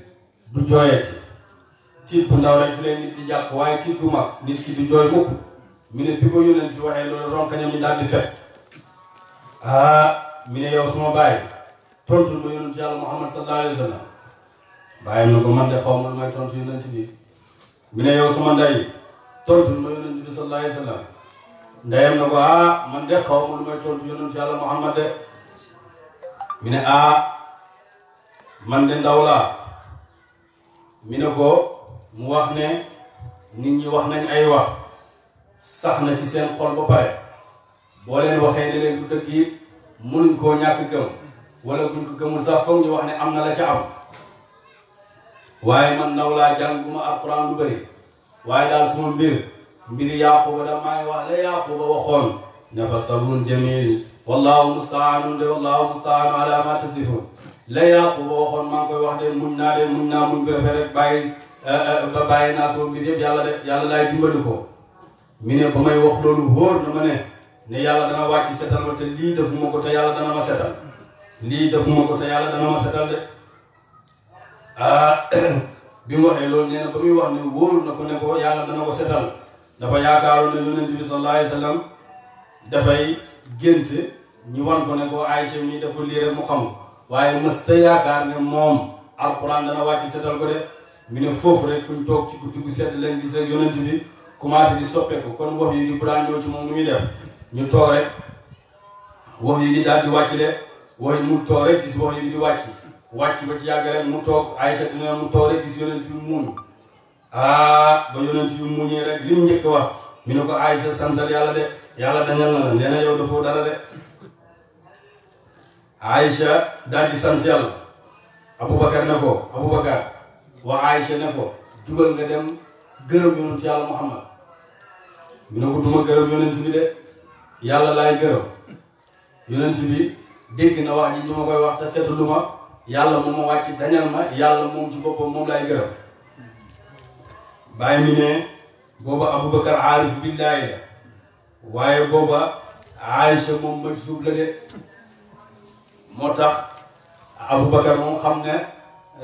du jooyati tiit bu ndaw rek ci lay nit di jàpp waaye tiit bu mag nit ki du jooy mukk mu ne bi ko yónent bi waxee ronkañam yi daal di fet ah mi ne yow suma bàyyi tontu ma yonent yàlla Muhammad sallallahu alayhi wa sallam bàyyi na ko man de xaw ma lu may tontu yonent bi mi ma yonent bi sallallahu na ko ah, man de xaw ma lu may tontu yonent yàlla Muhammad de mi ne ah man de ndaw laa mi ne ko mu wax ne nit ñi wax nañ ay wax sax na ci seen xol ba pare. boo leen waxee ne leen du dëgg yi mënuñ koo ñàkk gëm wala buñ ko sax foog ñu wax ne am na la ca am waaye man ndaw laa jàng bu ma alxuraan lu bëri waaye daal suma mbir mbiri yaaquba da maay wax la yaaquba waxoon ne fa sabrun wallahu mustaanun de wallahu mustaanu ala ma tasifun la yaaquba waxoon maa ngi wax de muñ naa de muñ naa muñ ko defee rek eh, eh, ba bàyyi naa suma mbir yëpp yàlla de yàlla laay ko mi ne ba may wax loolu wóor na ma ne yàlla dana wàcc setal ma te lii defuma ko te yàlla dana ma setal lii defuma ko te yàlla dana ma setal de ah, bi mu waxee loolu nee na muy wax ne wóoru na ko ne ko yàlla dana ko setal dafa yaakaaroon ne yonent bi sallallahu alayhi ñu wan ko ne ko Aysa mi dafa xam waaye mës yaakaar ne moom alquran dana wàcc setal ko de mu foofu rek fu ñu toog ci guddi gu bi commencé di soppeeku kon wax yi bu daan ñëw moom nu muy def ñu toog rek wax yi gi daal di wàcc de wax yi mu toog rek gis wax yi gi di wàcc wàcc ba ci yàgg rek mu toog Aysatu ne mu toog rek gis yonent bi muuñ ah ba yonent bi muuñee rek li mu njëkk wax mi ne ko Aysa santal yàlla de yàlla dañal na la nee na yow dafoo dara de Aysa daal di sant yàlla ne ko Aboubacar wa Aysa ne ko jugal nga dem gërëm yonent yàlla Muhammad mi ne ko duma gërëm yonent de yàlla laay gërëm yonent bi dégg na wax ji ñu ma koy wax te seetlu yàlla moom ma wàcc dañal ma yàlla moom ci boppam moom laay gërëm bàyyi mi ne booba aboubacar aarif billaahi la waaye booba aïcha moom majzuub la de moo tax aboubacar moom xam ne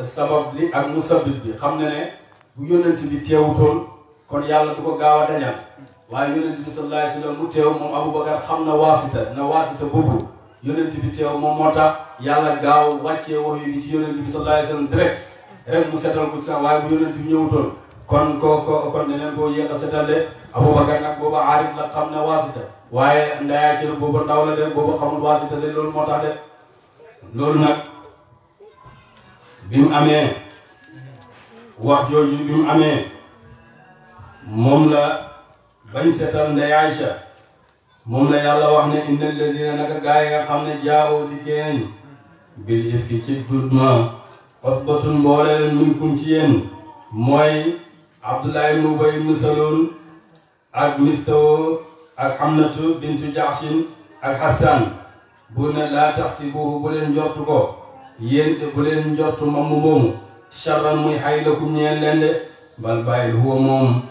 sabab li ak musabib bi xam ne ne bu yonent bi teewutoon kon yàlla du ko gaaw a dañal waaye yonent bi sallallahu alayhi wa sallam mu teew moom Aboubacar xam na waasita na waasita boobu yonent bi teew moom moo tax yàlla gaaw wàccee wax yi ci yonent bi sallallahu alayhi wa sallam rek mu setal ko ci sax waaye bu yonent bi ñëwutoon kon ko ko kon deneen koo yéex a setal de Aboubacar nag booba aarif la xam na waasita waaye ndayaa cër booba ndaw la de booba xamul waasita de loolu moo tax de loolu nag bi mu wax jooju bi mu moom la bañ seetal ndey Aysa moom la yàlla wax ne inna alladina naka gaa yi nga xam ne jaawoo dikkee nañ bil ifki ci dut ma osbatun mboole leen minkum ci yéen mooy Abdullah ibnu Ubay ibnu Salul ak ak Hamnatu bintu Jaxsin ak Hassan bu ne laa tax si buufu bu leen njortu ko yéen bu leen njortu ma mu moomu charran muy xay lakum ñeen leen de bal bàyyi huwa moom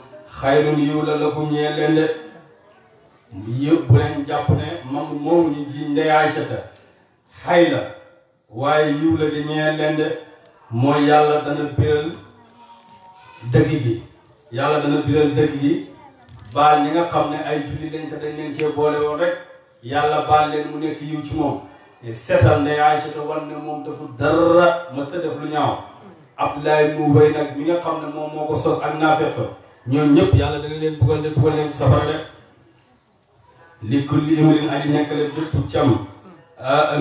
xayrun yiw la lakum ñee leen de bu leen jàpp ne mam moomu ñu ji waaye yiw la di ñee leen de mooy yàlla dana biral dëgg gi yàlla nga xam ne ay julli lañ te dañ leen cee boole woon mu nekk yiw ci moom seetal nday Aysata wan ne moom moo ko sos ak naafeq ñoom ñëpp yàlla dana leen buggal de buggal leen safara de li kulli imrin aji nekk leen bépp cam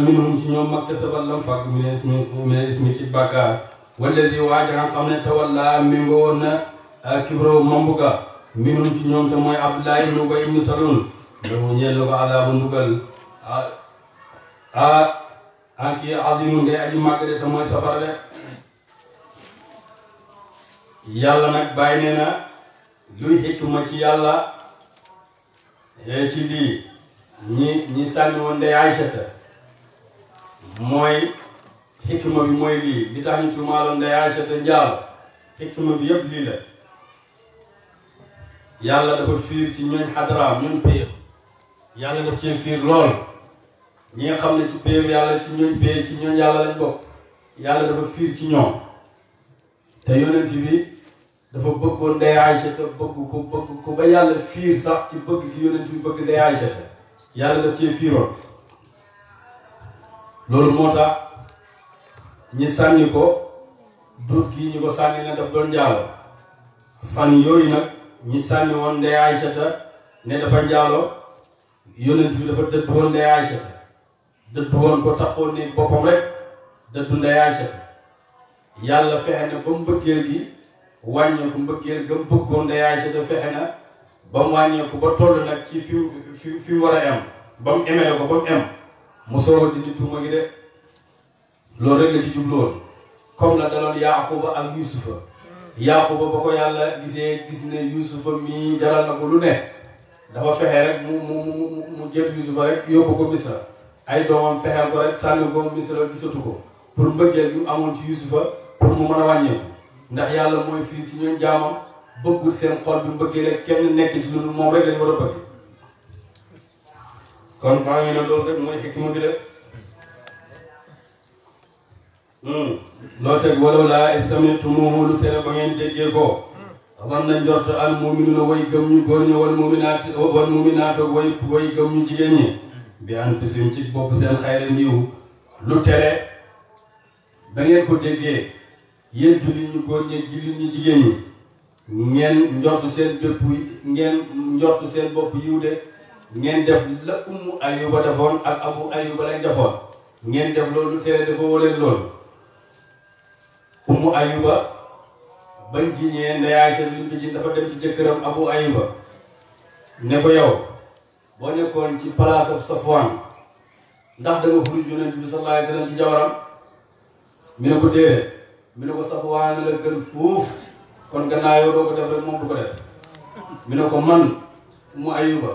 minhum ci ñoom maktasabal lam fàgg min ismi min ismi ci bàkkaar wallazi waajaram xam ne tawalla mi nga woon na kibro mambuga minhum ci ñoom te mooy abdullahi ibnu ubay ibnu salul loolu ñeel na ko adaabu yàlla nag bàyyi nee na luy xikma ci yàlla yee ci lii ñi ñi sànni woon ndey Aysata mooy xikma bi mooy lii li tax ñu tuumaaloon ndey Aysata njaalo xikma bi yëpp lii la yàlla dafa fiir ci ñooñ xadaraam ñooñ péew yàlla daf cee fiir lool nga xam ne ci péew yàlla ci ñooñ péew ci ñooñ yàlla lañ bokk yàlla fiir ci ñoom te yonent bi dafa bëggoon ndey Aysata bëgg ko bëgg ko ba yàlla fiir sax ci bëgg gi yonent bi bëgg ndey Aysata yàlla daf cee fiiroon loolu moo tax ñi sànni ko duut gii ñi ko sànni na daf doon njaalo fan yooyu nag ñi sànni woon ndey Aysata ne dafa njaalo yonent bi dafa dëdd woon ndey Aysata dëdd woon ko taxoon ni boppam rek dëddu ndey Aysata yàlla fexe ne ba mu gi wàññeeku mbëggeel gëm bëggoon déyaagé da fexe na ba mu wàññeeku ba toll nag ci fi fi fi war a em ba mu emee ko ba mu em mu soog a dindi tuuma gi de loolu rek la ci jublu woon comme la daloon Yaaquba ak Yuusufa Yaaquba ba ko yàlla gisee gis ne Yuusufa mii jaral na ko lu ne dafa fexe rek mu mu mu mu jël Yuusufa rek yóbbu ko Misra ay doomam fexeel ko rek sànni ko Misra gisatu ko pour mbëggeel bi mu amoon ci Yuusufa pour mu mën a wàññeeku ndax yàlla mooy fii ci ñoom jaamam bëggul seen xol bi mbëggee rek kenn nekk ci lu dul moom rek lañ war a bëgg kon maa ngi ne loolu rek mooy xikma bi de hmm. loo teg wala laa istami'tumuuhu lu tere ba ngeen déggee ko wan na njort al mu'minuuna way gëm ñu góor ñi wal mu'minaat wal mu'minaat way way gëm ñu jigéen ñi bi anfusihim ci bopp seen xayran yiw lu tere ba ngeen ko déggee yéen jullit ñu góor ñu jigéen ñi ngeen njortu seen bépp ngeen njortu seen bopp yiw de ngeen def la ummu ayuba defoon ak abu ayuba lañ defoon ngeen def loolu tere dafa waleen loolu ummu ayuba bañ jiñee ndeyaay seen luñ ko jin dafa dem ci jëkkëram abu ayuba ne ko yow boo nekkoon ci place ab Safwaan ndax da nga xuruj bi sallallahu alayhi wa sallam ci jabaram mi ne ko déedéet mi ne ko Safwaan la gën fuuf kon gannaaw yow doo ko def rek moom du ko def mi ne ko man mu ayuba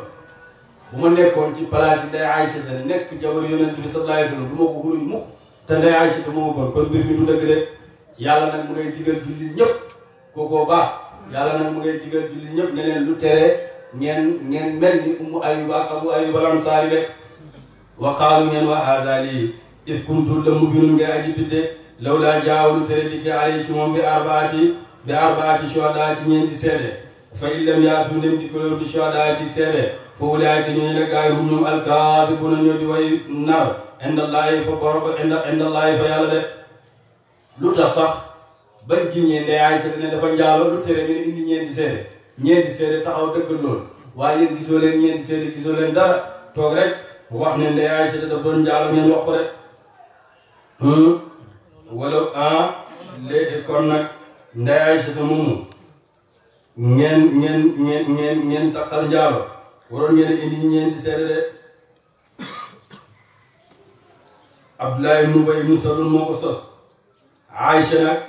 bu ma nekkoon ci place yi day Aysata nekk jabar yonent bi sallallahu alayhi wa sallam du ma ko xuruñ mukk te day Aysata moo kon kon mbir mi du dëgg de yàlla nag mu ngay digal jullit ñëpp kookoo baax yàlla nag mu ngay digal jullit ñëpp ne leen lu tere ngeen ngeen mel ni ummu ayuba ak abu ayuba lansaari de wa qaalu ngeen wa haada lii if kuntu la mubinun ngay aji bidde lawlaa jaawlu tere dikkee alay ci moom bi arbaati bi arbaati shuhadaa ci ñeenti seede fa in lam yaatu ndem dikkaloon bi shuhadaa ci seede fa ulaayka ñooñu la gaay hum ñoom alkaadibuuna ñoo di way nar indallaahi fa borom inda indallaahi fa yàlla de lu tax sax bañ jiñee ndey Aysa ne dafa njaaloo lu tere ngeen indi ñeenti seede ñeenti seede taxaw dëggal loolu waaye yéen gisoo leen ñeenti seede gisoo leen dara toog rek wax ne ndey Aysa daf doon njaaloo ngeen wax wala ah léegi kon nag nday ay sata moomu ngeen ngeen ngeen ngeen ngeen taqal njaalo waroon ngeen a indi ñeenti seede de Abdullah ibnu Ubay ibnu Salul moo ko sos Aïcha nag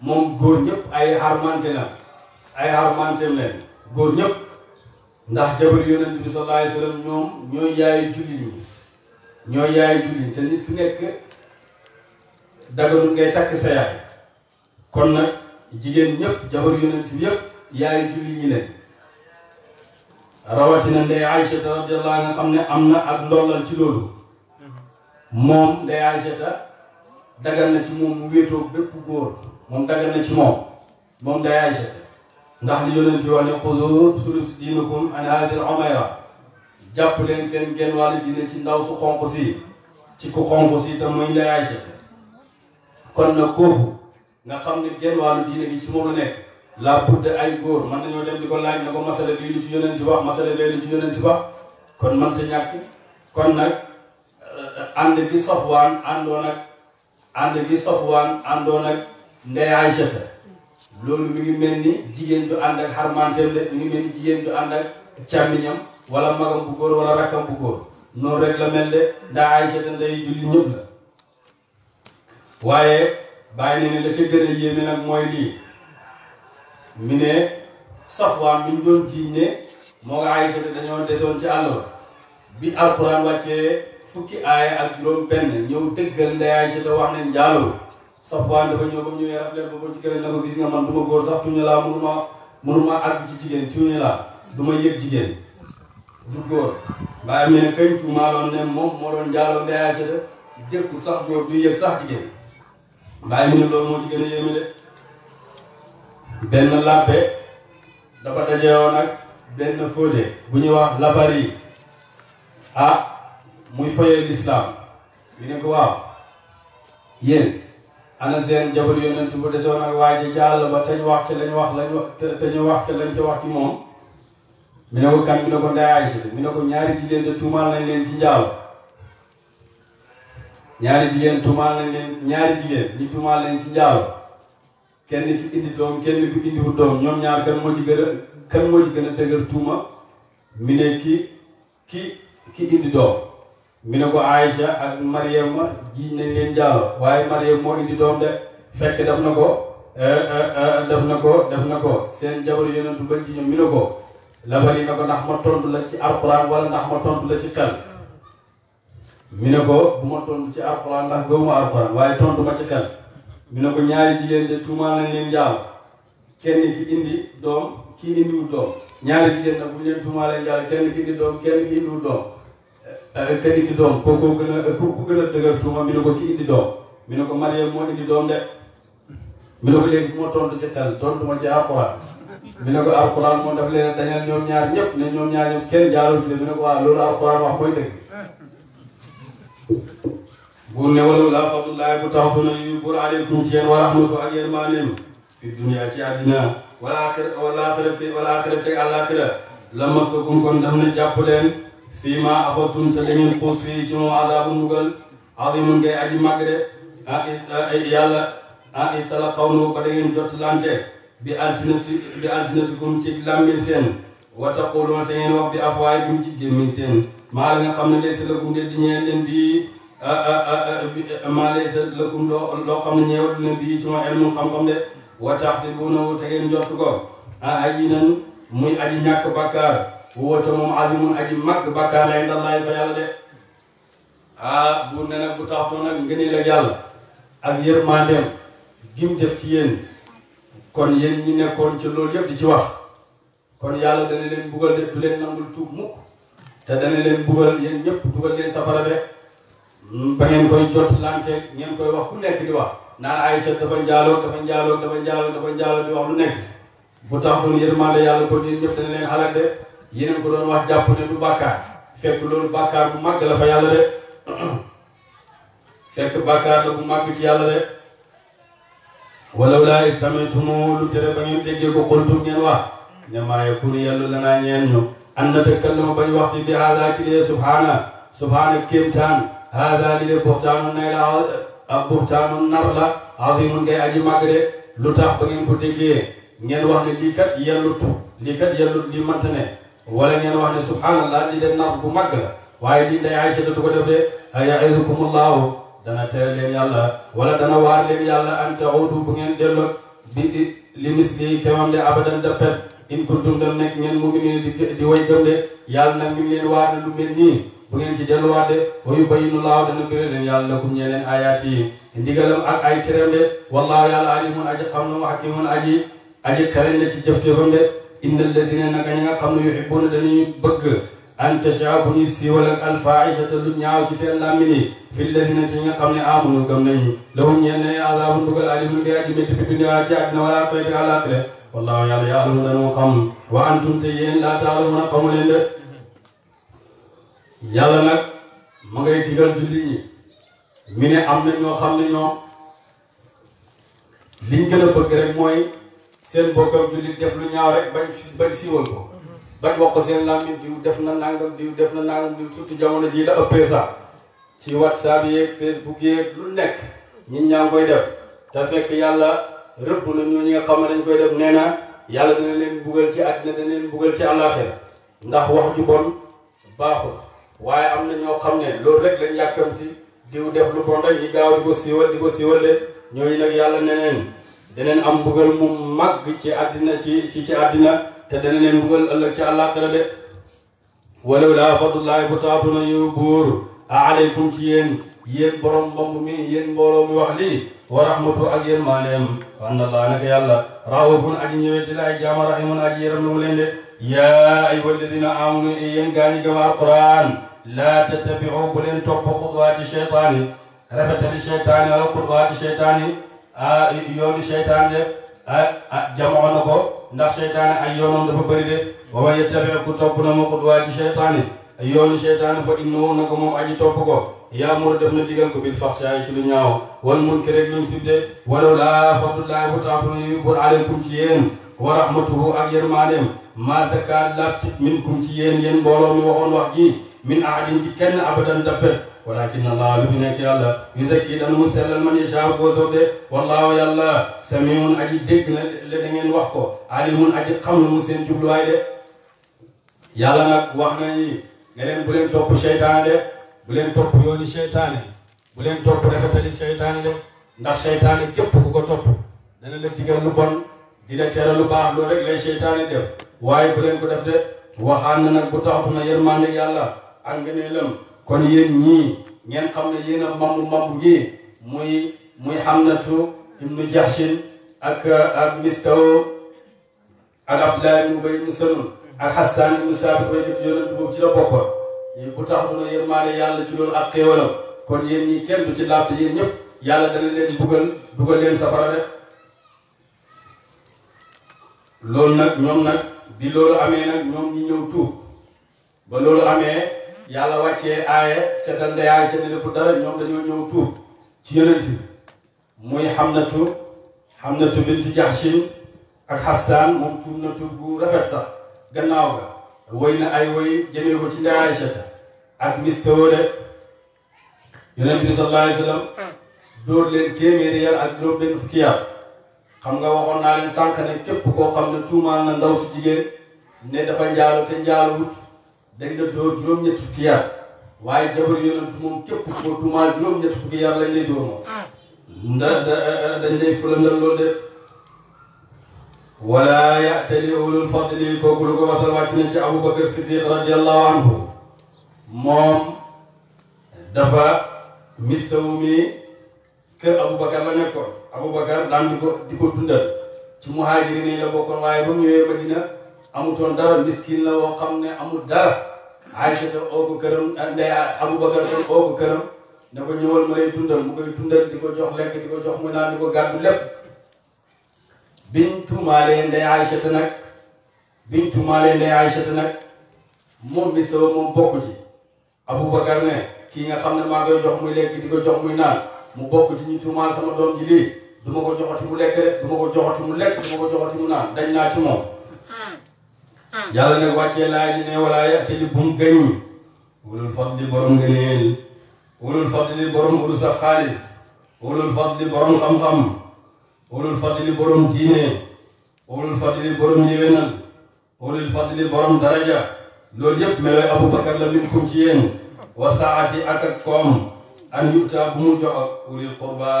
moom góor ñëpp ay xarmante na ay xarmante leen góor ñëpp ndax jabar yonent bi sallallahu alayhi wa sallam ñoom ñooy julli ñi ñooy yaay julli te nit ku nekk daganul ngay takk sa yaay kon nag jigéen ñëpp jabar yonent bi yëpp yaay julli ñi leen rawatina ndey Aysata radiyallahu anha xam ne am na ak ndollal ci loolu moom ndey Aysata dagal na ci moom mu wéetoo bépp góor moom dagal na ci moom moom ndey Aysata ndax li yonent bi wax ne xudu sulus diinakum an haadil umayra jàpp leen seen genn wàllu diine ci ndaw su xonq si ci ku xonq si te muy ndey Aysata kon nag kooku nga xam ne genn wàllu diine gi ci moom la nekk la budde ay góor mën nañoo dem di ko laaj na ko masala bii lu ci yonenti wax masala bee lu ci yonenti wax kon mënta ñàkk kon nag euh, ànd gi Safwaan àndoon ak ànd gi Safwaan àndoon ak ndey Aysata loolu mi ngi mel ni jigéen ju ànd ak xarmanteem de mi ngi mel ni jigéen ju ànd ak càmmiñam wala magam bu góor wala rakkam bu góor noonu rek la mel de ndey Aysata ndey julli ñëpp la waaye bàyyi ne ne la ca gën a yéeme nag mooy lii mi ne safwaan mi ñu doon jiiñ ne moo nga Aysa dañoo desoon ci àll ba bi alquran wàccee fukki aaya ak juróom benn ñëw dëggal ndey Aysa te wax ne njaaloo safwaan dafa ñëw ba mu ñëwee rafet ba ko ci keneen na ko gis nga man du ma góor sax tuñu laa mënuma mënuma àgg ci jigéen tuñu ma ne kañ moom moo doon njaaloo ndey Aysa jëkkul sax góor du yëg sax jigéen bàyyi mu ne loolu moo ci gën a yéeme de benn làppe dafa dajewoon ak benn fóote bu ñuy wax labari yi ah muy foyee lislaam ñu ne ko waaw yéen ana seen jabar yonent bu desewoon ak waaji ca àll ba tañ wax ca lañ wax lañ wax te ñu wax ca lañ ca wax ci moom mi ne ko kan mi ne ko ndayaaji mi ne ko ñaari jigéen de tuumaal nañ leen ci njaalo ñaari jigéen tuumaal nañ leen ñaari jigéen ñi tuumaal leen ci njaalo kenn ki indi doom kenn ku indiwul doom ñoom ñaar kan moo ci gën a kan moo ci gën a dëgër tuuma mi ne ki ki ki indi doom mi ne ko Aïcha ak ma jiiñ nañ leen njaalo waaye Mariam moo indi doom de fekk daf na ko eh, eh, eh, def na ko def na ko seen jabar yonentu bañ ci ñoom mi ne ko labari na ko ndax ma tontu la ci alquran wala ndax ma tontu la ci xel mi ne ko bu ma tontu ci alxuraan ndax gëwuma alxuraan waaye tontu ma ci xel mi ne ko ñaari jigéen de tuumaal nañ kenn ki indi doom kii indiwul doom ñaari jigéen nag bu ñu leen tuumaal leen njaalo kenn ki indi doom kenn ki indiwul doom eh, eh, doom kooku gën a kooku gën a ko ki indi doom mi ne ko Mariam moo indi doom de mi ne ko léegi bu ma tontu ci xel tontu ma ci alxuraan mi ne ko alxuraan moom daf leen dañal ñoom ñaar ñëpp ne ñoom ñaar kenn jaaroo ci de mi ne ko waaw loolu alxuraan wax dëgg buur ne wala laa fadlullaahi bu taxatu na yu buur aleykum ci yéen wa rahmatu ak yéen maaneem fi dunya ci àddina wala axira wala axira teg àllaaxira la masakum kon daf ne jàpp leen fii maa afattum te da ngeen xuus fii ci moom adaabu ndugal azimun ngay aji màgg de ah is ah, yàlla ah is talaqawnu jot lante bi alsinati bi alsinatikum ci làmmiñ seen wa taquluuna te ngeen wax bi afwaayikum ci gémmiñ seen maa la nga xam ne lay sa lëkkum de di ñeel leen bii maa lay sa lëkkum loo loo xam ne ñeewatu leen bii ci ma elmu xam-xam de wa si bu nawu te ngeen njort ko ah aji nan muy aji ñàkk bakkaar woote moom azimun aji mag bakkaar lay ndallaay fa yàlla de bu ne nag bu taxatoo nag ngëneel ak yàlla ak yërmandeem gim def ci yéen kon yéen ñi nekkoon ci loolu yëpp di ci wax kon yàlla dana leen buggal de du leen nangul tuub mukk te dana leen buggal yéen ñëpp dugal leen safara de mm, ba ngeen koy jot lante ngeen koy wax ku nekk di wax naan Aïcha dafa njaaloo dafa njaaloo dafa njaaloo di wax lu nekk bu taxtoon yërmande yàlla kon yéen ñëpp dana leen xalaat de yéen ko doon wax jàpp ne du bàkkaar fekk loolu bàkkaar bu màgg la fa yàlla de fekk bàkkaar la bu màgg ci yàlla de walaw laa sami'tumuhu lu tere ba ngeen déggee ko qultum ngeen wax ne maa yakunu yàlla la an natakallama bañ waxti bi haada ci lee subhaana subhaana kéemtaan haada li le buxtaanu nay la a buxtaanu nar la azimun ngay aji màgg de lu tax ba ngeen ko déggee ngeen wax ne lii kat yellut lii kat yellut lii mënta ne wala ngeen wax ne subhaanallah lii de nar bu màgg la waaye lii day Aysa du ko def de ya'idukumullahu dana tere leen yàlla wala dana waar leen yàlla an ta'uudu bu ngeen delloo bi li misli kemam de abadan dappet in kuntum dem nekk ngeen mu ngi nii di di way gëm de yàlla lu mel nii bu ngeen ci delluwaat de wa yubayyinu laahu dana béré leen yàlla lakum ñee leen yi ndigalam ak ay tereem de wallaahu yàlla aji xam na mu aji aji de ci jëfteefam de inna alladina naka ñi nga xam ne yuhibbuna dañuy bëgg an tashaa bu ñuy siiwal ak alfaahishata lu ñaaw ci seen làmmiñ yi fi alladina ci ñi nga xam ne amunu gëm nañu lahum ñeen ne azaabun mbugal alimun nga yaa ji wallaahu yàlla yàlla dana xam wa antum te yéen laa taalamuna xamu leen de yàlla nag ma ngay digal jullit ñi mi ne am na ñoo xam ne ñoom liñ gën a bëgg rek mooy seen bokkam jullit def lu ñaaw rek bañ bañ siiwal ko bañ wax seen làmmiñ diw def na nangam diw def na nangam diw surtout jamono jii la ëppee sax ci whatsapp yeeg facebook yeeg lu nekk ñun ñaa koy def te fekk yàlla rëbb na ñu ñi nga xam ne dañ koy def nee na yàlla dana buggal ci àddina dana leen buggal ci àllaaxira ndax wax ju bon baaxut waaye am na ñoo xam ne loolu rek lañ yàkkamti diw def lu bon rek ñi gaaw di ko siiwal di ko siiwal de ñooñu nag yàlla neneen daneen am bugal mu màgg ci àddina ci ci ci àddina te dana leen bugal ëllëg ci àllaaxira de walaw laa fadlullaahi bu taatu na yow buur aleykum ci yéen yéen borom mbamb mi yéen mbooloo mi wax lii wa rahmatu ak yéen maaneem wa anna allah naka yàlla raawufun aji ñëweti la ay jaama rahimun aji yéram lu mu leen de yaa ayuha alladina amanu e yéen gaañi gëm alquran laa tattabiu bu leen topp xudwaati cheytaani rafetali cheytaani wala xudwaati cheytaani a yooni cheytaan de a na ko ndax cheytaani ay yoonam dafa bëri de wa man yettabi ku topp na mu xudwaati cheytaani yooni cheytaani fa innahu naka moom yaamura def na digal ko bil faxshaay ci lu ñaaw wal munkar rek luñ de walaw laa fadlullaahi bu taatuna yu bor aleykum ci yéen wa ak yërmaaneem maa zakka lapti minkum ci yéen yéen mbooloo mi waxoon wax min ahadin ci kenn abadan dappet walakin allah lu fi nekk yàlla yuzakki dana mu sellal man yashaa boo soob de wallaahu yàlla samiun aji dégg na le da ngeen wax ko alimun aji xam na mu seen jubluwaay de yàlla nag wax na ni ne bu leen topp yooni seytaane bu leen topp rafetali seytaane de ndax seytaane képp ku ko topp dana la digal lu bon di la tere lu baax loolu rek lay seytaane def waaye bu leen ko def de waxaan na nag bu taxatu na yërmande yàlla ak ngëneelam kon yéen ñii ngeen xam ne yéen a mambu mambu gi muy muy Hamnatu ibnu Jahshin ak ak Mistaw ak Abdullah ibnu Ubay ibnu Salul ak Hassan ibnu Saabit béykat yonent boobu ci la bokkoon yi bu taxatu na yërmaane yàlla ci loolu ak xéewalam kon yéen yi kenn du ci laab te ñëpp yàlla dana leen buggal buggal leen safara de loolu nag ñoom nag bi loolu amee nag ñoom ñi ñëw tuub ba loolu amee yàlla wàccee aaye seetal ndeyaay seen defu dara ñoom dañoo ñëw tuub ci yonent bi muy Xamnatu Xamnatu binti Jaxsin ak Xassaan moom tuub na tuub bu rafet sax gannaaw ga woy na ay woy jëmee ko ci Aysata ak mistoore yonent bi sallallahu alayhi wa sallam dóor leen téeméeri yar ak juróom benn fukki yar xam nga waxoon naa leen sànq ne képp koo xam ne tuumaan na ndaw su jigéen ne dafa njaalu te njaaluwut dañ la dóor ñett fukki yar waaye jabar yonent moom képp koo tuumaan juróom-ñett fukki yar lañ lay dóor moom. Mm. ndax dañ lay fële loolu de. wala ya'tali ulul fadli kooku lu ko wasal wàcc nañ ci Aboubacar Siddiq radiyallahu anhu moom dafa mistaw mi kër Aboubacar la nekkoon Aboubacar daan di ko di ko dundal ci muhaajiri nii la bokkoon waaye ba mu ñëwee Madina amutoon dara miskin la woo xam ne amul dara Aïchata oo ko këram ah, ndey Aboubacar kon oo ko këram ne ko ñëwal ma dundal mu koy dundal di ko jox lekk di ko jox mu naan di ko gàddu lépp. biñ tuumaalee ndey Aysata nag biñ tuumaalee ndey Aysata nag moom mi soo moom bokku ci Aboubacar ne kii nga xam ne maa koy jox muy lekk di ko jox muy naan mu bokk ci ñu tuumaal sama doom ji du ma ko joxati mu lekk rek du ma ko joxati mu lekk du ma ko joxati mu naan dañ naa ci moom yàlla nag wàccee laay ji ne walaa yàttali bum gañi wulul fadli borom ngëneel wulul fadli borom urus ak xaalis wulul fadli borom xam-xam xoolul fàttali borom diine xoolul fàttali borom yéwénal xoolul fàttali borom daraja loolu yëpp melooy Aboubacar la minkum ci yéen wa saati ak ak koom an yuta mu jox ak ulil qurba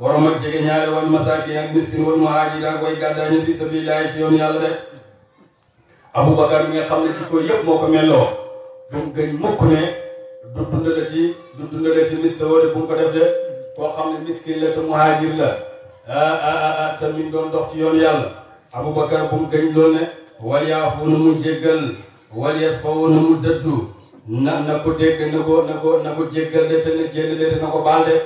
waroon ak jege ñaare wal masakin miskin wal muhajir way gàddaa fi sabilillahi ci yoon yàlla de Aboubacar mi nga xam ne ci koy yëpp moo ko melloo bu mu gëñ mukk ne du dundalati du dundalati miste woo ko def de koo xam ne miskin la te muhajir la ah ah ah, ah doon dox ci yoon yàlla Aboubacar bu mu gëñ loo ne wal yaafu na mu jéggal wal yasfawu na mu dëddu na na ko dégg na ko na ko na ko de te ne jéll de na ko baal de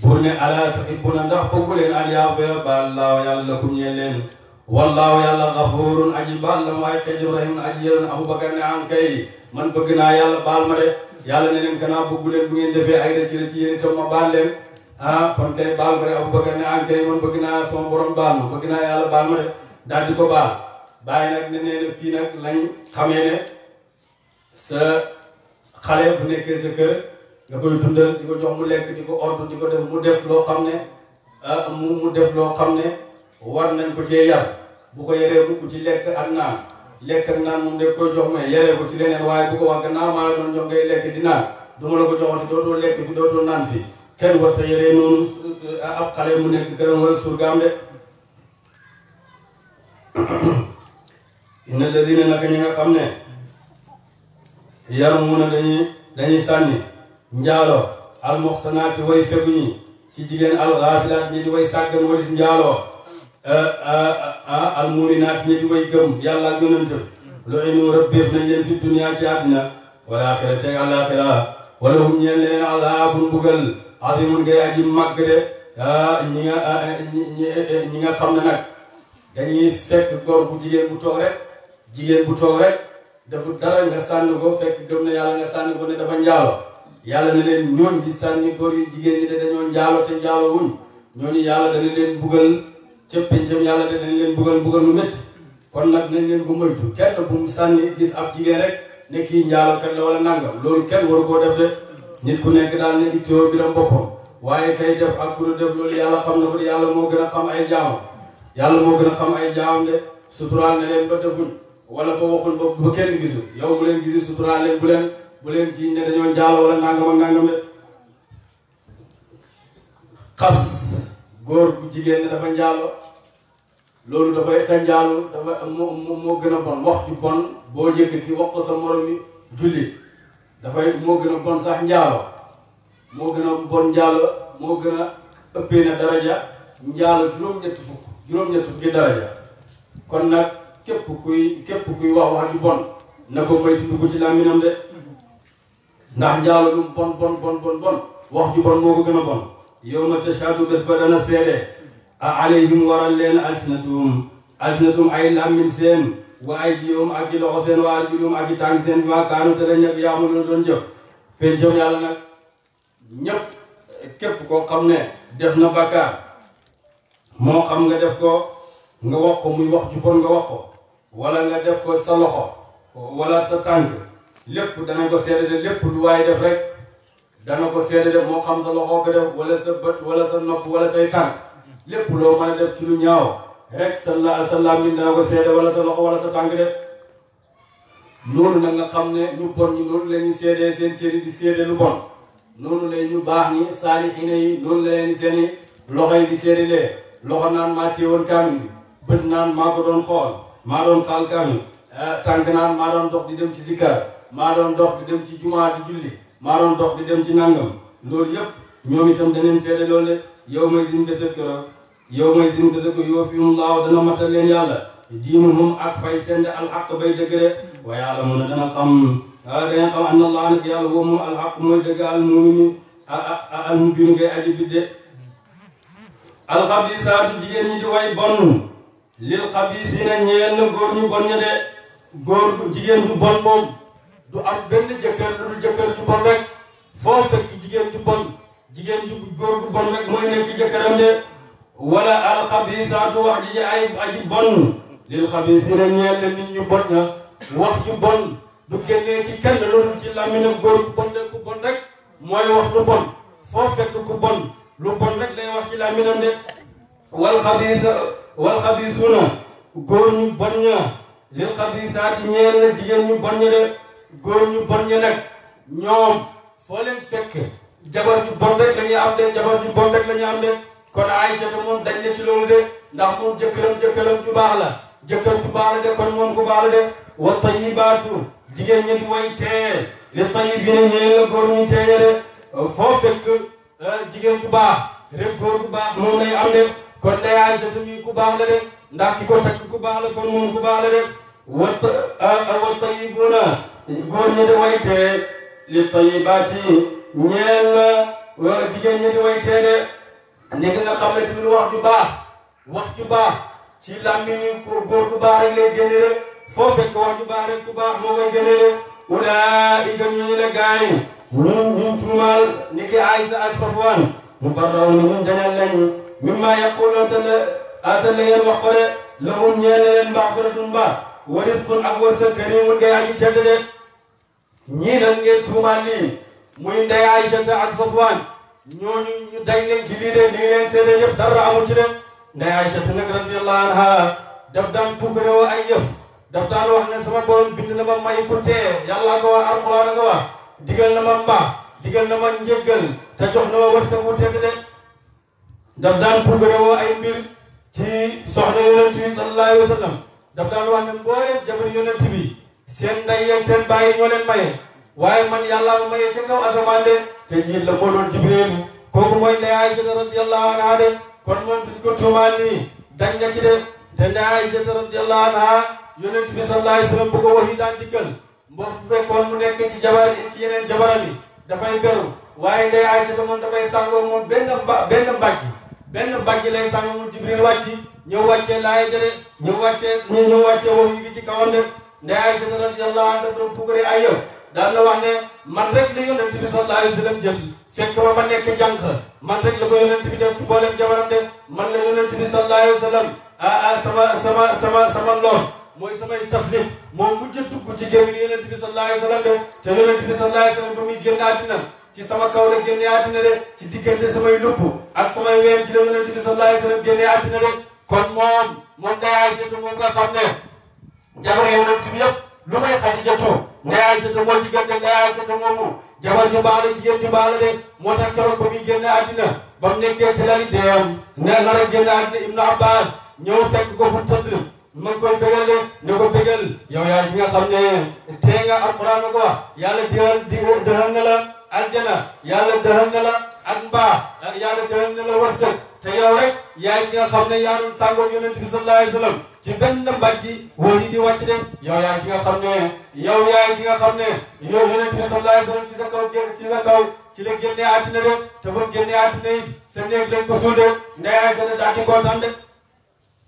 bur ne alaa tuhibbuna ndax bëggu leen an yaghfira baal laaw yàlla lakum ñeel leen wallaahu yàlla gafuurun aji baal la maay kajum rahim aji yéen Aboubacar ne am kay man bëgg naa yàlla baal ma de yàlla ne leen kanaa bëggu leen bu ngeen defee ay rëcc rëcc yéen itam ma baal leen ah kon tey baal ko de Abubakar ne ah tey man bëgg naa sama borom baal ma bëgg naa yàlla baal ma de daal di ko baa bàyyi nag ne nee na fii nag lañ xamee ne sa xale bu nekkee sa kër nga koy dundal di ko jox mu lekk di ko ordre di ko def mu def loo xam ne ah mu def loo xam ne war nañ ko cee yar bu ko yaree bu ku ci lekk ak naan lekk ak naan moom def koy jox ma yaree ko ci leneen waaye bu ko wax gannaaw maa la doon ngay lekk di naan du ma la ko joxoon te dootoo lekk fi dootoo naan fii. kenn warta yëree noonu euh, ab mu nekk gërëm wala surgaam de inna alladina naka ñi nga xam ne yarmuuna dañuy dañuy sànni njaaloo almuxsanaati way fegu ñi ci jigéen alxaafilaat ñi di way sàggan walis njaaloo euh, euh, almuminaat ñi di way gëm yàlla ak yonent lu'inu rabbeef nañ leen fi duniyaa ci àddina wala axira teg àllaaxira wala hum ñeen leen azaabun bugal azimun ngay aji màgg de ah, ñi nga ah, eh, eh, ñi nga xam ne nag dañuy fekk góor bu jigéen bu toog rek jigéen bu toog rek dafa dara nga fekk gëm na yàlla nga sànni ko ne dafa njaalo yàlla ne leen ñooñ di sànni góor yu jigéen ñi de dañoo njaalo te njaalo wuñ ñooñu yàlla dana leen buggal ca pencam yàlla de dana leen buggal buggal nu métti kon nag nañ leen ko moytu kenn bu mu sànni gis ab jigéen rek ne kii njaalo kat la wala nangam loolu kenn waru koo def de nit ku nekk daal na ittoo biram boppam waaye kay def ak ku def loolu yàlla xam na ko yàlla moo gën a xam ay jaamam yàlla moo gën a xam ay jaamam de suturaal na ba defuñ wala ba waxul ba ba kenn yow bu leen gisi suturaal bu leen jiiñ ne dañoo njaalo wala nangam ak nangam de xas góor bu jigéen ne dafa njaalo loolu dafay ta njaalo dafa moo moo gën a bon wax bon boo yëkkati wax ko sa morom julli dafay moo gën a bon sax njaalo moo gën a bon njaalo moo gën a ëppee na daraja njaalo juróom-ñett fukk juróom-ñett fukki daraja kon na képp kuy képp kuy wax wax ju bon na ko moytu dugg ci làmminam de ndax njaalo lu bon bon bon bon wax ju bon moo ko gën a bon yow ma tashhadu bés ba dana seede a alayhim waral leen alsinatuhum alsinatum ay làmmin seen waaye jiwam ak ci loxo seen waar jiwam ak ci tànk seen bi ma kaanu te dañ ñëpp yaa mu doon jëf pencam yàlla nag ñëpp képp koo xam ne def na bakkaar moo xam nga def ko nga wax ko muy wax ju bon nga wax ko wala nga def ko sa loxo wala sa tànk lépp dana ko seede de waaye def rek dana ko seede moo xam sa loxo ko def wala sa bët wala sa nopp wala say tànk lépp loo mën a def ci lu ñaaw rek sallallahu alayhi wa ko seede wala sa loxo wala sa tànk de noonu nag xam ne ñu bon ñi noonu la ñuy seedee seen cëri di seede lu bon noonu la ñu baax ñi saalixiina yi noonu la leen seen i loxo yi di seede lee loxo naan maa téewoon kaamil bi bët naan maa ko doon xool maa doon xaal kaamil eh, tànk naan maa doon dox di dem ci zikkar maa doon dox di dem ci jumaa di julli maa doon dox di dem ci nangam loolu yëpp ñoom itam daneen seede loolu de yow may diñ besee keroog yow may sin te dëkk yoo fi mu laaw dana matal yàlla diinu moom ak fay seen de alxaq bay dëgg de wa yàlla mu ne dana xam ah, dana xam an allah nag yàlla woo moom alxaq mooy dëgg al mumini al mubin ngay aji bidde alxabisaatu jigéen ñi di way bon lil xabisiina ñeel na góor ñu bon ña de góor jigéen ju bon moom du am benn jëkkër lu jëkkër ju bon rek foo fekk jigéen ju bon jigéen ju góor gu bon rek mooy nekk jëkkëram de wala alxabisaatu wax ji ay aji bon lil xabisina ñeel la nit ñu bon ña wax ju bon du génnee ci kenn loolu ci làmmiñu góor ku bon rek mooy wax lu bon foo fekk ku bon lu bon rek lay wax ci làmmiñam de wal xabisa wal xabisuuna ñu bon ña lil xabisaati ñeel la jigéen ñu bon ña de góor ñu bon ña nag ñoom foo leen fekk jabar ju bon rek la ñuy am de jabar ju bon rek la ñuy am de kon Aïchata moom dañ ne ci loolu de ndax moom jëkkëram jëkkëram ju baax la jëkkër ju baax de kon moom ku baax la de wa tayibaatu jigéen ñi di way tee li tayibiina ñeel la góor ñu teeye de foo fekk euh, baax rek góor baax moom lay am de kon day Aïchata mii ku ki ko takk ku baax la kon moom ku baax la de wa euh, wa tayibuuna góor ñi di li tayibaati ñeel la euh, jigéen ñi di de ni ki nga xam ne tamit wax ju baax wax ju baax ci làmmiñu góor gu baax rek lay génne rek foo fekk wax ju baax rek ku baax moo koy génne rek ulaa'ika ñu ñu ne gaa yi ñun ñun tuumaal ni ki Aysa ak Safwaan mu barraw ni ñun dañal lañu mimmaa yaquluuna te la ah la ngeen wax ko de lahum ñeene leen maxfiratun baax wa rizqun ak wërsëg kariimun ngay aji tedd de ñii nag ngeen tuumaal lii muy ndey Aysata ak Safwaan ñooñu ñu day leen ci lii de li ngi leen seede yëpp dara amul ci dem nday Aysatu nag radiyallahu anha daf daan puukarewo ay yëf daf daan wax ne sama borom bind na ma may ku tee yàlla ko wax alquran ko wax digal na ma mbaax digal na ma njëggal te jox na ma wërsëg wu tedd de daf daan puukarewo ay mbir ci soxna yonent bi sallallahu alayhi wa sallam daf daan wax ne mboolem jabar yonent bi seen nday yeeg seen bàyyi ñoo leen maye waaye man yàlla ma maye ca kaw asamaan de te njiit la moo doon Jibril kooku mooy ndey Aïchata radiyallahu anha de kon moom duñ ko tuumaal nii dañ nga ci de te ndey Aïchata radiyallahu anha yonent bi sallallahu alayhi wa sallam bu ko wax yi daan mu nekk ci jabar ci yeneen jabaram yi dafay beru waaye ndey Aïchata moom dafay sàngoo moom benn mba benn mbàjj benn mbàjj lay sàngoo mu Jibril wàcc ñëw wàccee laay jële ñëw wàccee ñëw wax yi ci kawam de ndey Aïchata radiyallahu anha daf doon daan na man rek la yonent bi sallallahu alayhi wa fekk ma ma nekk jànq man rek la ko yonent bi def ci mboolem jabaram de man la yonent bi sallallahu alayhi wa ah ah sama sama sama sama lor mooy samay taflit moom mujj dugg ci gémmiñ yonent bi sallallahu alayhi wa sallam de te bi sallallahu alayhi wa sallam ba muy génn àddina ci sama kaw la génnee àddina de ci diggante samay lupp ak samay ween ci la yonent bi sallallahu alayhi wa sallam génnee àddina de kon moom moom day Aysatu moom nga xam ne jabar yonent bi yëpp lu may Xadijatu ndey Aysatu moo ci gën de ndey Aysatu moomu jabar ju baax la jigéen ju baax la de moo tax keroog ba muy génn àddina ba mu nekkee ci lali deem ne nar a génn àddina Ibnu Abbas ñëw fekk ko fu mu tëdd ma ngi koy bégal de ne ko bégal yow yaa ngi nga xam ne tee nga alquran ko wax yàlla dëhal dëhal na la aljana yàlla dëhal na la ak mbaa yàlla daan na la wërsëg te yow rek yaay ki nga xam ne yaa doon sàngoon yonent bi sallallahu alayhi wa sallam ci benn mbàjji wóor yi di wàcc de yow yaay ki nga xam ne yow yaay ki nga xam ne yow yonent bi sallallahu alayhi wa sallam ci sa kaw ci sa kaw ci la génnee àddina de te ba génnee àddina yi sa néeg lañ ko suul de ndey ay sa daal di kontaan de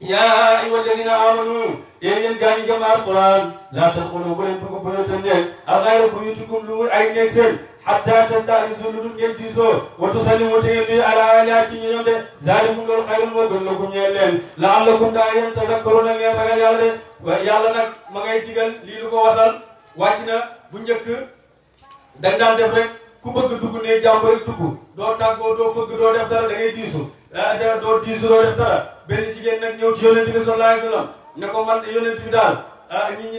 yaa ayyuha alladina amanu yéen yéen gaa ñi gëm alquran laa tadxulu bu leen dugg buyuutan ne ak xayra buyuutikum lu ay néeg seen hatta tastahisu lu dul ngeen diisoo wa tusallimu te ngeen nuyu ala aliyaati ñu ñoom de zalikum loolu xayrun moo gën lakum ñeel leen laallakum daa yéen tazakkaruna ngeen ragal yàlla de yàlla nag ma ngay digal lii lu ko wasal wàcc na bu njëkk danga daan def rek ku bëgg dugg ne jàmb rek dugg doo tàggoo doo fëgg doo def dara da ngay diisu ah, doo diisu doo def dara benn jigéen nag ñëw ci yonent bi sallallahu alayhi wa sallam ko man yonent bi daal ah, eh, eh, eh,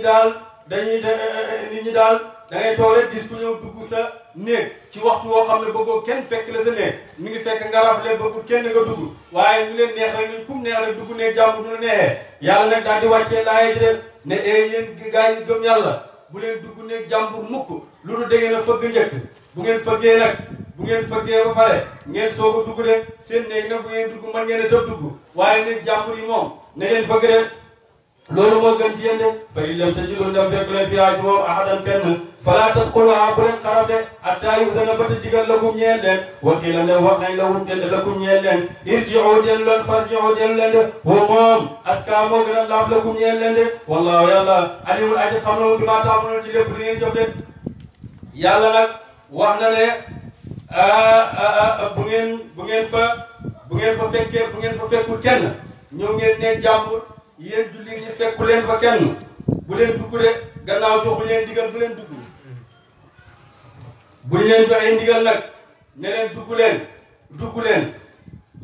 ñi daal da ngay toog rek diis ku ñëw dugg néeg ci waxtu woo xam ne koo kenn fekk la sa néeg mi ngi fekk nga rafle bëggul kenn nga dugg waaye ñu leen neex rek kum neex rek dugg néeg jàmm du la neexee daal di wàccee laaya ji ne ee eh, yéen gaa yi gëm bu leen dugg néeg jàmbur mukk lu dul dangeen a fëgg njëkk bu ngeen fëggee nag bu ngeen fëggee ba pare ngeen soo ko dugg de seen néeg nag bu ngeen dugg mën ngeen a dugg waaye néeg jàmbur yi moom ne fëgg de loolu moo gën ci de fa in lam tajidu ndam fekk leen fiyaa ci moom ahadan kenn falaa tadxuluhaa bu leen xarab de attaa yuzana ba ta digal lakum ñeel leen wakiila ne wax nañ lahum de lakum ñeel leen irji'u dellu leen farji'u dellu leen de woo moom askaa moo gën a laab lakum ñeel leen de wallaahu yàlla alimul aji xam na mu bimaa taamunoon ci lépp lu ngeen jëf de yàlla nag wax na ne bu bu ngeen fa bu ngeen fa fekkee bu ngeen fa ngeen ne yéen jullit ñi fekku leen fa kenn bu leen dugg de gannaaw joxu leen ndigal bu leen dugg buñ leen joxee ndigal nag ne leen dugg leen dugg leen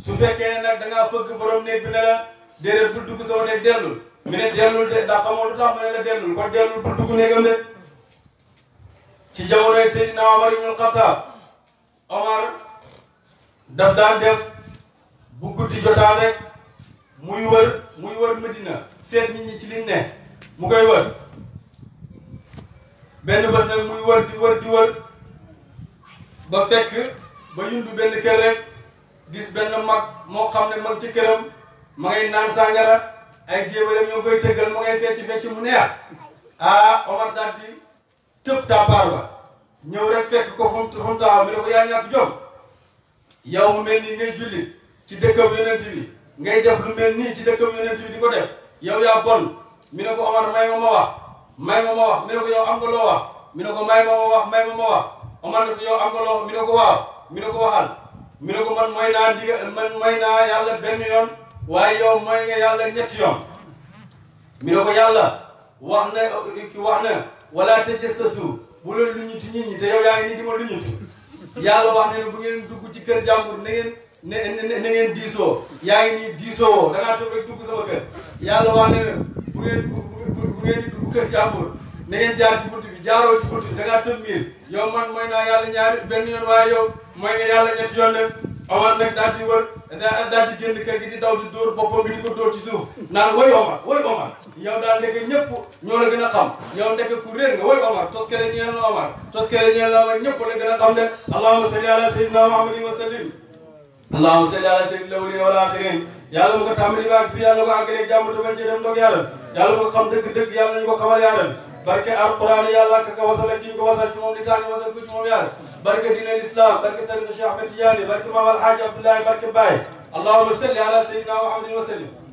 su fekkee ne nag da ngaa fëgg borom néeg bi ne la déedéet bul dugg sama néeg dellul mi ne dellul de ndax xamoo lu tax ne la dellul kon dellul bul dugg néegam de ci jamonoy Seydina Omar ibnul Xattaab Omar daf daan def bu guddi jotaan muy wër muy wër Medina seet nit ñi ci liñ ne mu koy wër benn bés nag muy wër di wër di wër ba fekk ba yundu benn kër rek gis benn mag moo xam ne mag ci këram ma ngay naan sàngara ay jéebalam ñoo koy tëggal ma ngay fecc fecc mu neex ah Omar daal tëb tàppaar ba ñëw rek fekk ko fu mu fu mu ne ko yaa ñàkk jom yow mu mel ni ngay julli ci dëkkam yonent bi ngay def lu mel nii ci dëkkam yonent bi di ko def yow yaa bon mi ne ko Omar may ma ma wax may ma ma wax mi ne ko yow am nga loo wax mi ne ko may ma ma wax may ma ma wax Omar ne ko yow am nga loo mi ne ko waaw mi ne ko waxal mi ne ko man mooy naa diga man mooy naa yàlla benn yoon waaye yow mooy nga yàlla ñetti yoon mi ne wax na wax na wala te jassasu bu leen lu ñuti nit ñi te yow yaa ngi di ma lu ñuti yàlla wax ne bu ngeen dugg ci kër jàmbur na ne ne ne ngeen diisoo yaa ngi nii diisoo woo da ngaa toog rek dugg sama kër yàlla wax ne bu ngeen bu bu bu ngeen dugg kër jàmbur na ngeen jaar ci bunt bi jaaroo ci bunt da ngaa tëb miir yow man mooy naa yàlla la benn yoon waaye yow mooy nga yàlla ñetti yoon dem awoon nag daal di wër daal gi di daw di dóor boppam bi di ko dóor ci suuf naan woy Omar woy Omar yow daal ndeke ñëpp ñoo la gën a xam yow ndeke ku réer nga woy Omar toskere ñeel la Omar toskere ñeel la Omar ñëpp a xam de allahumma salli ala sayyidil awwalin wal akhirin yàlla mu ko tàmbali ba ak si yàlla na ko àggaleeg jàmm te bañ ci dem doog yàlla yàlla mu ko xam dëgg-dëgg yàlla nañu ko xamal yaatal barke alquran yàlla ka wasal ak ki ñu ko wasal ci moom di tànn wasal ko ci moom yàlla barke diine l'islam barke tariqa Cheikh Ahmed Tidiane barke Maam Alhaaji Abdoulaye barke Baye allahumma salli ala sayyidina Muhammadin wa sallim